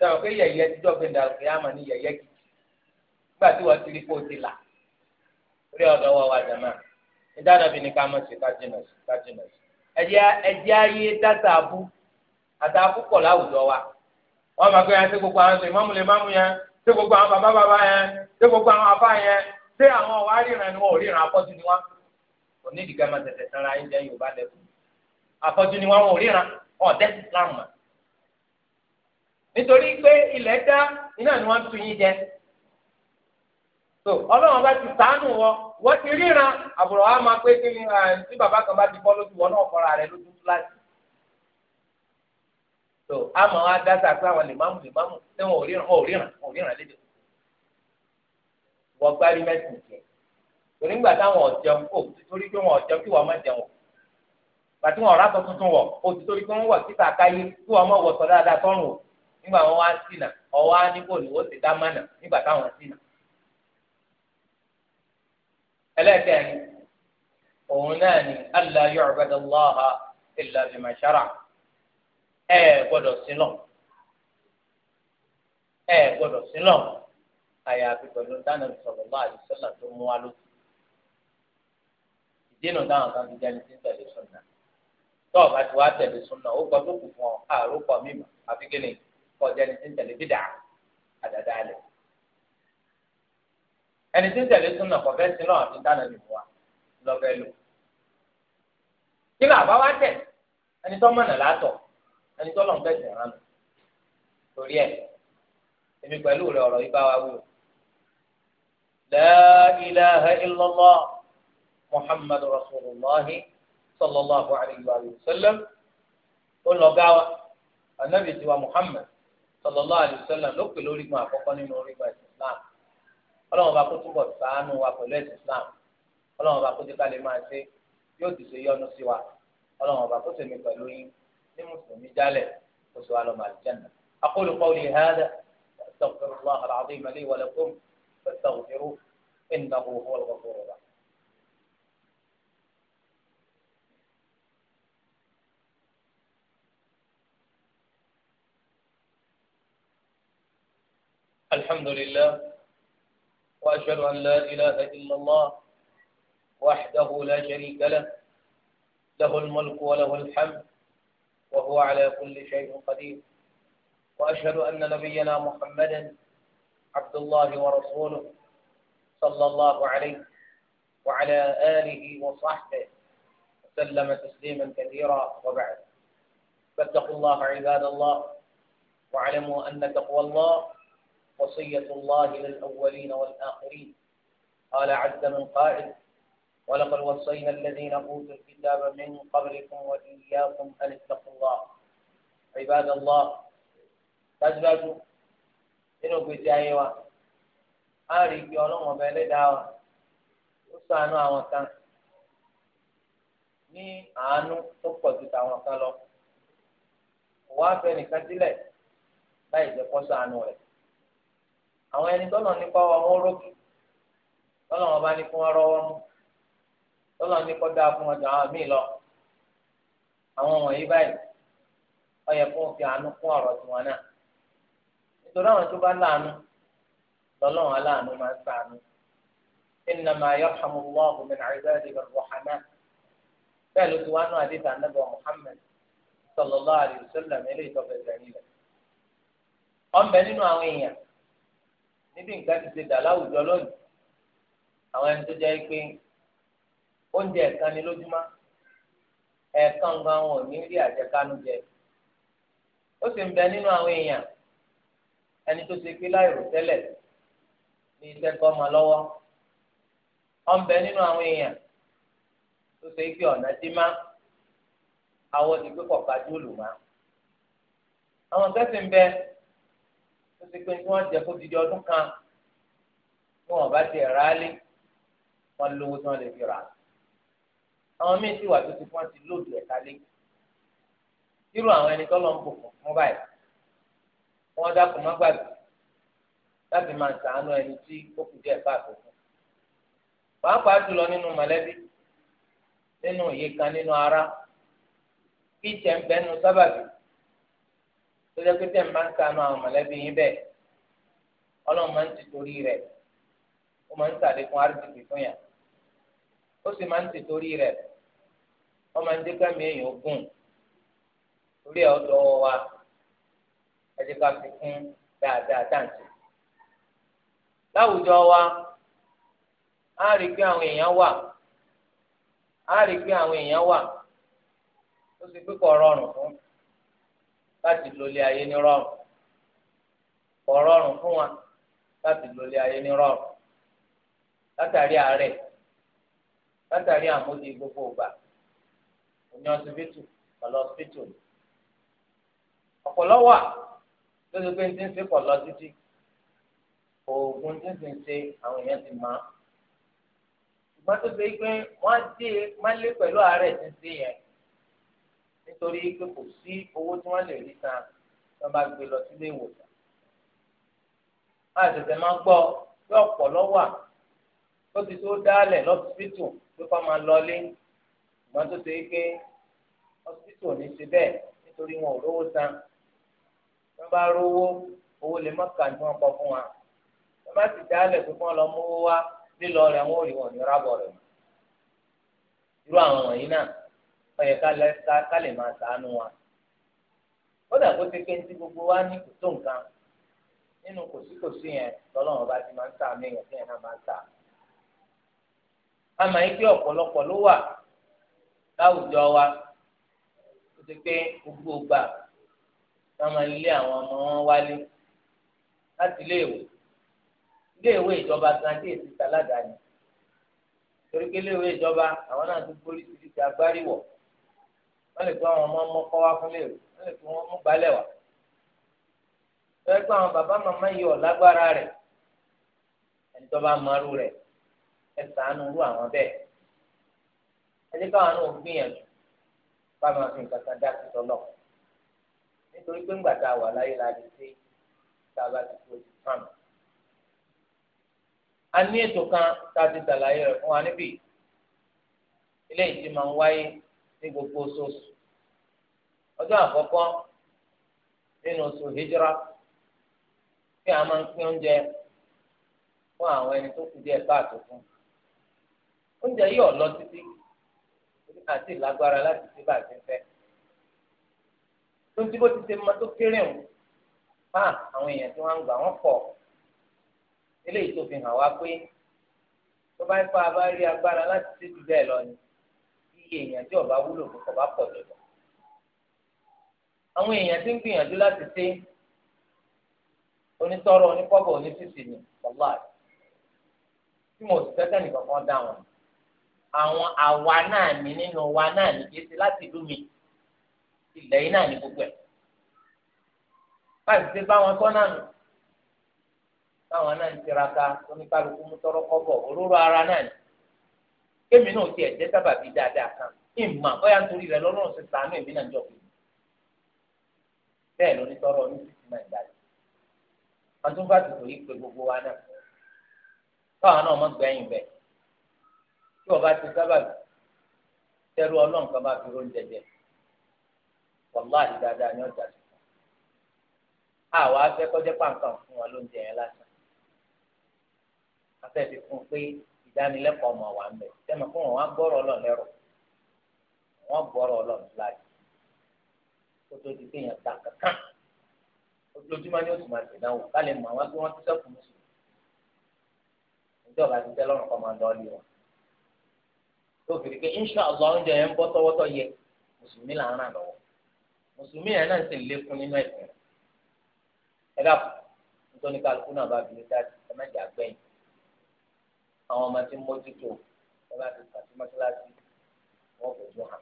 sọ̀rọ̀ pé yẹ̀yẹ́ tíjọ́ fi dà sí àmà ní yẹ̀yẹ́ kìkì nígbà tí wọ́n ti rí kó o ti là orí ọ̀dọ́ wa jàmá ìdáná bí ní ká mọ̀ sí ẹ̀jẹ̀ ayé dáta abú láwùjọ wa wọ́n máa gbé yẹn sí gbogbo àwọn yẹn sí gbogbo àwọn bàbá bàbá yẹn sí gbogbo àwọn afá yẹn sí àwọn ọ̀wá ríran ni ò ríran afọ́jú ni máa tẹ̀tẹ̀ sanra ayé jẹ́ Yorùbá nítorí pé ilẹ̀ dá iná ni wọ́n tu yín jẹ so ọlọ́run bá ti sàánù wọ wọ́n ti ríran àbúrò wa máa pé kí tí bàbá kan bá ti bọ́ lójú wọn náà kọ́ra rẹ lójú so àmọ́ wa dáta pé àwọn lèmámù lèmámù tí wọn ò ríran wọn ò ríran wọn ò ríran lédè wọ́n gbárí mẹ́sìn jẹ torí ńgbà táwọn kò torí pé wọn ọ̀jẹun kí wọ́n má wọn ọ̀rá tuntun wọ̀ o pé wọ́n wọ̀ nígbà wọn wá ṣìnà ọwọ́ á níbo ni ó ti dá mánà nígbà táwọn ṣìnà. ẹlẹ́kẹ̀ẹ́ni òun náà ni allah yu'badu allaha illa bima shara ẹ gbọ́dọ̀ sílọ ẹ gbọ́dọ̀ sílọ àyàfi pẹ̀lú dáná sallallahu alaihi wasallam tó mú wa lójú ìdènà táwọn kan fi jáde sí tẹ̀lé sunna tọ́ọ̀ bá ti wá tẹ̀lé sunna ó gbọ́ kù fún ọ àròkọ mímọ́ àfi kọjá ẹni tí ń tẹ̀lé bídà àdàdà alẹ̀ ẹni tí ń tẹ̀lé súnà kọ̀ fẹ́ sí náà níta náà nìbò wa lọ́fẹ́ lò kí ni àbá wa tẹ̀ ẹni tó mọ̀nà látọ̀ ẹni tó lọ́n fẹ̀sẹ̀ hàn torí ẹ̀ èmi pẹ̀lú rẹ̀ ọ̀rọ̀ yìí bá wa wò la ilaha illallah muhammadu rasulillahi sallallahu alayhi wa sallam ó lọ gáwa anabi tiwa muhammad sallallahu alaihi wasallam ló pè lórí gun àkọ́kọ́ nínú orígun ẹ̀sìn islam ọlọ́run bá kó túbọ̀ ṣàánú wa pẹ̀lú ẹ̀sìn islam ọlọ́run bá kó jẹ́ ká lè máa ṣe yóò ti ṣe yọ́nú sí wa ọlọ́run bá kó tèmi pẹ̀lú yín ní mùsùlùmí jálẹ̀ kó sì wá lọ́mọ àlùjánnà aqulu qawli hadha astaghfirullah al-azim li wa lakum fastaghfiruhu innahu huwal ghafurur rahim. الحمد لله وأشهد أن لا إله إلا الله وحده لا شريك له له الملك وله الحمد وهو على كل شيء قدير وأشهد أن نبينا محمدا عبد الله ورسوله صلى الله عليه وعلى آله وصحبه وسلم تسليما كثيرا وبعد فاتقوا الله عباد الله واعلموا أن تقوى الله وصية الله للأولين والآخرين قال عز من قائل ولقد وصينا الذين أوتوا الكتاب من قبلكم وإياكم أن اتقوا الله عباد الله تزبطوا إنه بجايوا أري كيولون وبالي داوا أستانوا وكان ni àánú tó pọ̀ ju tàwọn kan lọ wọ́n á fẹ́ nìkan sílẹ̀ láì jẹ́ kó sànù rẹ̀. àwọn ẹni tọ́lọ̀ nípa wọn wọ́n rókè tọ́lọ̀ wọn bá ní kí wọ́n rọ́wọ́ mú tọ́lọ̀ nípa dáa fún ọjà àwọn míì lọ àwọn wọ̀nyí báyìí ó yẹ kó fi àánú kún ọ̀rọ̀ tiwọn náà nítorí àwọn tó bá láàánú lọ́lọ́run aláàánú máa ń ṣàánú innama yarhamullahu min ibadihi ar-rahman bẹ́ẹ̀ ló ti wá àdìsá nàbẹ̀ Muhammad sallallahu alaihi wasallam ilé ìtọ́fẹ̀sẹ̀ nílẹ̀ ọ̀nbẹ nínú àwọn èèyàn níbi nǹkan ti ṣe dà láwùjọ lónìí àwọn ẹni tó jẹ́ pé oúnjẹ ẹ̀kan ni lójúmọ́ ẹ̀ẹ̀kan gan wọn ò ní rí àjẹkánu jẹ ó sì ń bẹ nínú àwọn èèyàn ẹni tó ṣe pé láìrò tẹ́lẹ̀ ní iṣẹ́ tó ọmọ lọ́wọ́ ó ń bẹ nínú àwọn èèyàn tó ṣe pé ọ̀nà dí má àwọn ti pé kọ̀ọ̀kan dúró lò má àwọn kẹ́sì ń bẹ tó ti pé tí wọ́n jẹ kó ti di ọdún kan tí wọ́n bá tiẹ̀ rálé wọ́n lówó tí wọ́n lè fi rà á. àwọn míì sì wà tó ti fún wọn ti lóòdù ẹ̀ka lé. irú àwọn ẹni tọ́lọ̀ ń bò fún fún báyìí wọ́n dákun má gbàgbé láti máa sàánú ẹni tí ó kù díẹ̀ bá àtọ̀kùn. pàápàá jùlọ nínú mọ̀lẹ́bí nínú ìyíkan nínú ara kí ìjẹ́ ń bẹ́nu sábàbí. tọ́jà pé tẹ̀ máa ń ka àwọn mọ̀lẹ́bí yín bẹ́ẹ̀ ọlọ́run máa ń ti torí rẹ̀ ó máa ń fún yà ó sì máa ń ti torí rẹ̀ ó máa ń dé kámi èèyàn ogún torí ẹ̀ wa ẹ jẹ́ ká fi kún dáadáa dáǹtì. láwùjọ wa a rí i pé àwọn èèyàn wà a rí i pé àwọn láti lólé ayé ní rọrùn kò rọrùn fún wa láti lólé ayé ní rọrùn látàrí àárẹ̀ látàrí àmódi gbogbo ògbà òní ọsibítù ọlọsibítù ọpọlọ wà lóṣù pé ní ṣe pọlọ títí oògùn tí ń ṣe àwọn èèyàn ti máa ṣùgbọ́n tó ṣe pé wọ́n á dé máa lé pẹ̀lú àárẹ̀ tí ń ṣe yẹn nítorí pé kò sí owó tí wọ́n lè rí san tí wọ́n bá gbé lọ sílé ìwòsàn. máa tẹ̀sẹ̀ máa gbọ́ pé ọ̀pọ̀ lọ́wà tó ti tó dálẹ̀ lọ́sibítù pé kọ́ máa lọlé ìgbọ́n tó ṣe pé ọsibítù ò ní ṣe bẹ́ẹ̀ nítorí wọn ò rówó san. wọ́n bá rówó owó lè má kà ní wọ́n kọ fún wa. wọ́n bá ti dálẹ̀ pé kí wọ́n lọ mówó wá lílọ rẹ̀ wọ́n ò rí wọn ní rábọ̀ rẹ̀. irú àwọn wọ̀nyí náà ọyẹ ká lè máa sàánú wa ó dà kó ti pé ní gbogbo wa ní kò tó nǹkan nínú kòsíkòsí yẹn lọ́lọ́run bá ti máa ń sàánú yẹn kí yẹn náà máa ń sà á máa pé ọ̀pọ̀lọpọ̀ ló wà láwùjọ wa kó ti pé gbogbo gbà wọn máa ń lé àwọn ọmọ wọn wálé láti iléèwé iléèwé ìjọba gan tí èsì ta ládàáni torí pé iléèwé ìjọba àwọn náà ti polisi ti agbárí wọ̀ wọ́n lè gbé àwọn ọmọ ọmọ kọ́ wá fún léèrè wọ́n lè fi wọ́n mú gbalẹ̀ wá. wọ́n gbé àwọn bàbá màmá yìí ọ̀ lágbára rẹ̀ ẹni tó bá marú rẹ̀ ẹ ṣàánú rú àwọn bẹ́ẹ̀. ẹ jẹ́ káwọn náà gbìyànjú bá máa fi nǹkan kan dá sí tọ́lọ̀. nítorí pé ńgbà tá a wà láyé la ti ṣe tá a bá ti kú ojú fáàmù. a ní ètò kan tá a ti ṣàlàyé rẹ̀ fún wa níbí. ilé ìtì máa ń wáyé ní gbogbo oṣooṣù ọjọ́ àkọ́kọ́ nínú oṣù hijira kí a máa ń pín oúnjẹ fún àwọn ẹni tó kù díẹ̀ káàtó fún oúnjẹ yìí ọ̀ lọ títí àti ìlágbára láti ṣe bá a ti fẹ́ tó ti bó ti ṣe máa tó kéré ń bá àwọn èèyàn tí wọ́n ń gbà wọ́n pọ̀ eléyìí tó fi hàn wá pé tó bá ń pa abá rí agbára láti ṣe jù bẹ́ẹ̀ lọ ni iye èèyàn tí ọba wúlò fún kọ̀ bá pọ̀ jọjọ àwọn èèyàn ti ń gbìyànjú láti ṣe onítọ́rọ̀ oníkọ́bọ̀ oníṣìṣì ni bàbá rẹ̀ tí mo sì fẹ́kẹ́ nìkan kan dá wọn àwọn àwa náà ní nínú wa náà ní kéṣe láti ìlú mi ilẹ̀ yìí náà ní gbogbo ẹ̀ báyìí ti bá wọn tọ́ náà nù táwọn náà ń tiraka oníkálukú mú tọ́rọ́ kọ́bọ̀ òróró ara náà ni kémi náà tiẹ̀ jẹ́ sábàbí dáadáa kan ìmọ̀ bóyá nítorí rẹ̀ lọ́rùn ṣe sàánú èmi náà jọ̀ọ́ bẹ́ẹ̀ ló ní tọrọ ní sísè náà jáde wọn tún bá yìí gbogbo wa náà káwọn náà mọ gbẹ̀yìn bẹ́ẹ̀ tí wọn bá ti sábàbí tẹrù Ọlọ́run kan bá fi oúnjẹ jẹ wàláhì ní ọjà pàǹkàn fún wọn lóúnjẹ yẹn lásán afẹ́ fi pé ìdánilẹ́kọ̀ọ́ ọmọ wa ń sẹ́mi fún wọn wọ́n gbọ́rọ̀ Ọlọ́run lẹ́rọ̀ kó tó di pé yẹn ta kankan ojoojúmọ́ ni ó sì máa tẹ̀lé àwọn kálí mọ̀ àwọn pé wọ́n ti sẹ́kù mùsùlùmí ìjọba ti tẹ́ lọ́rùn kọ́ máa lọ lé wọn tó fi di pé Allah oúnjẹ yẹn ń bọ́ tọ́wọ́tọ́ yẹ mùsùlùmí là ń ràn lọ́wọ́ mùsùlùmí yẹn náà sì lékún nínú ẹ̀sìn ẹ dàpọ̀ nítorí kálukú náà bá fi ní dájú ẹ má jà gbẹ̀yìn àwọn ọmọ tí ń mójútó ẹ bá ti pàṣẹ mọ́ṣáláṣí wọ́n kò jó hàn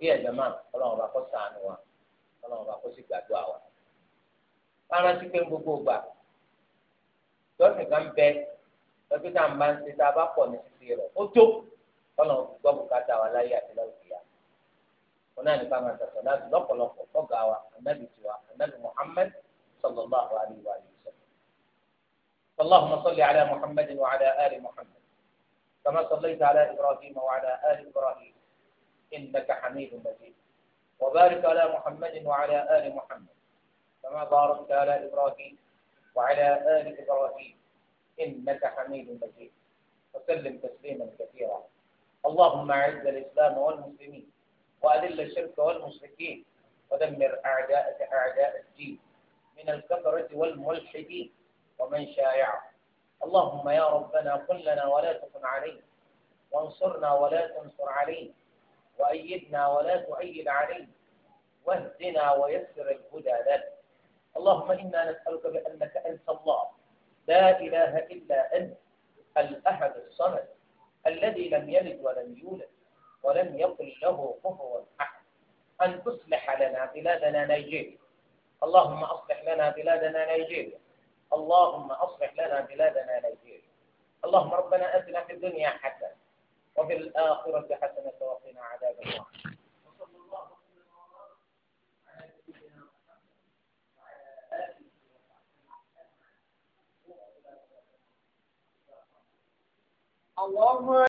torí ẹ̀jẹ̀ máa ọlọ́run bá kó ṣàánú wa ọlọ́run bá kó sì gbàdúrà wa. rárá sí pé gbogbo gbà jọ́sìn kan bẹ lọ́jọ́ tá à ń bá ń ṣe tá a bá pọ̀ ní títí rẹ̀ ó tó ọlọ́run gbọ́ bùkátà wa láyé àti lọ́wọ́ ona ni kama sasa láti lọ́pọ̀lọpọ̀ ọ̀gá wa anabi tiwa anabi muhammed sallallahu alayhi wa sallam allahumma salli ala Muhammad wa ala ali muhammad kama sallaita ala ibrahim wa ala ali ibrahim إنك حميد مجيد وبارك على محمد وعلى آل محمد كما باركت على إبراهيم وعلى آل إبراهيم إنك حميد مجيد وسلم تسليما كثيرا اللهم أعز الإسلام والمسلمين وأذل الشرك والمشركين ودمر أعداءك أعداء الدين من الكفرة والملحدين ومن شايعه اللهم يا ربنا قل لنا ولا تكن علينا وانصرنا ولا تنصر علينا وأيدنا ولا تؤيد علينا واهدنا ويسر الهدى لنا اللهم إنا نسألك بأنك أنت الله لا إله إلا أنت الأحد الصمد الذي لم يلد ولم يولد ولم يكن له كفوا أحد أن تصلح لنا بلادنا نيجيريا اللهم أصلح لنا بلادنا نيجيريا اللهم أصلح لنا بلادنا نيجيريا اللهم ربنا أتنا في الدنيا حسنة وفي الآخرة حسنة وقنا عذاب الله الله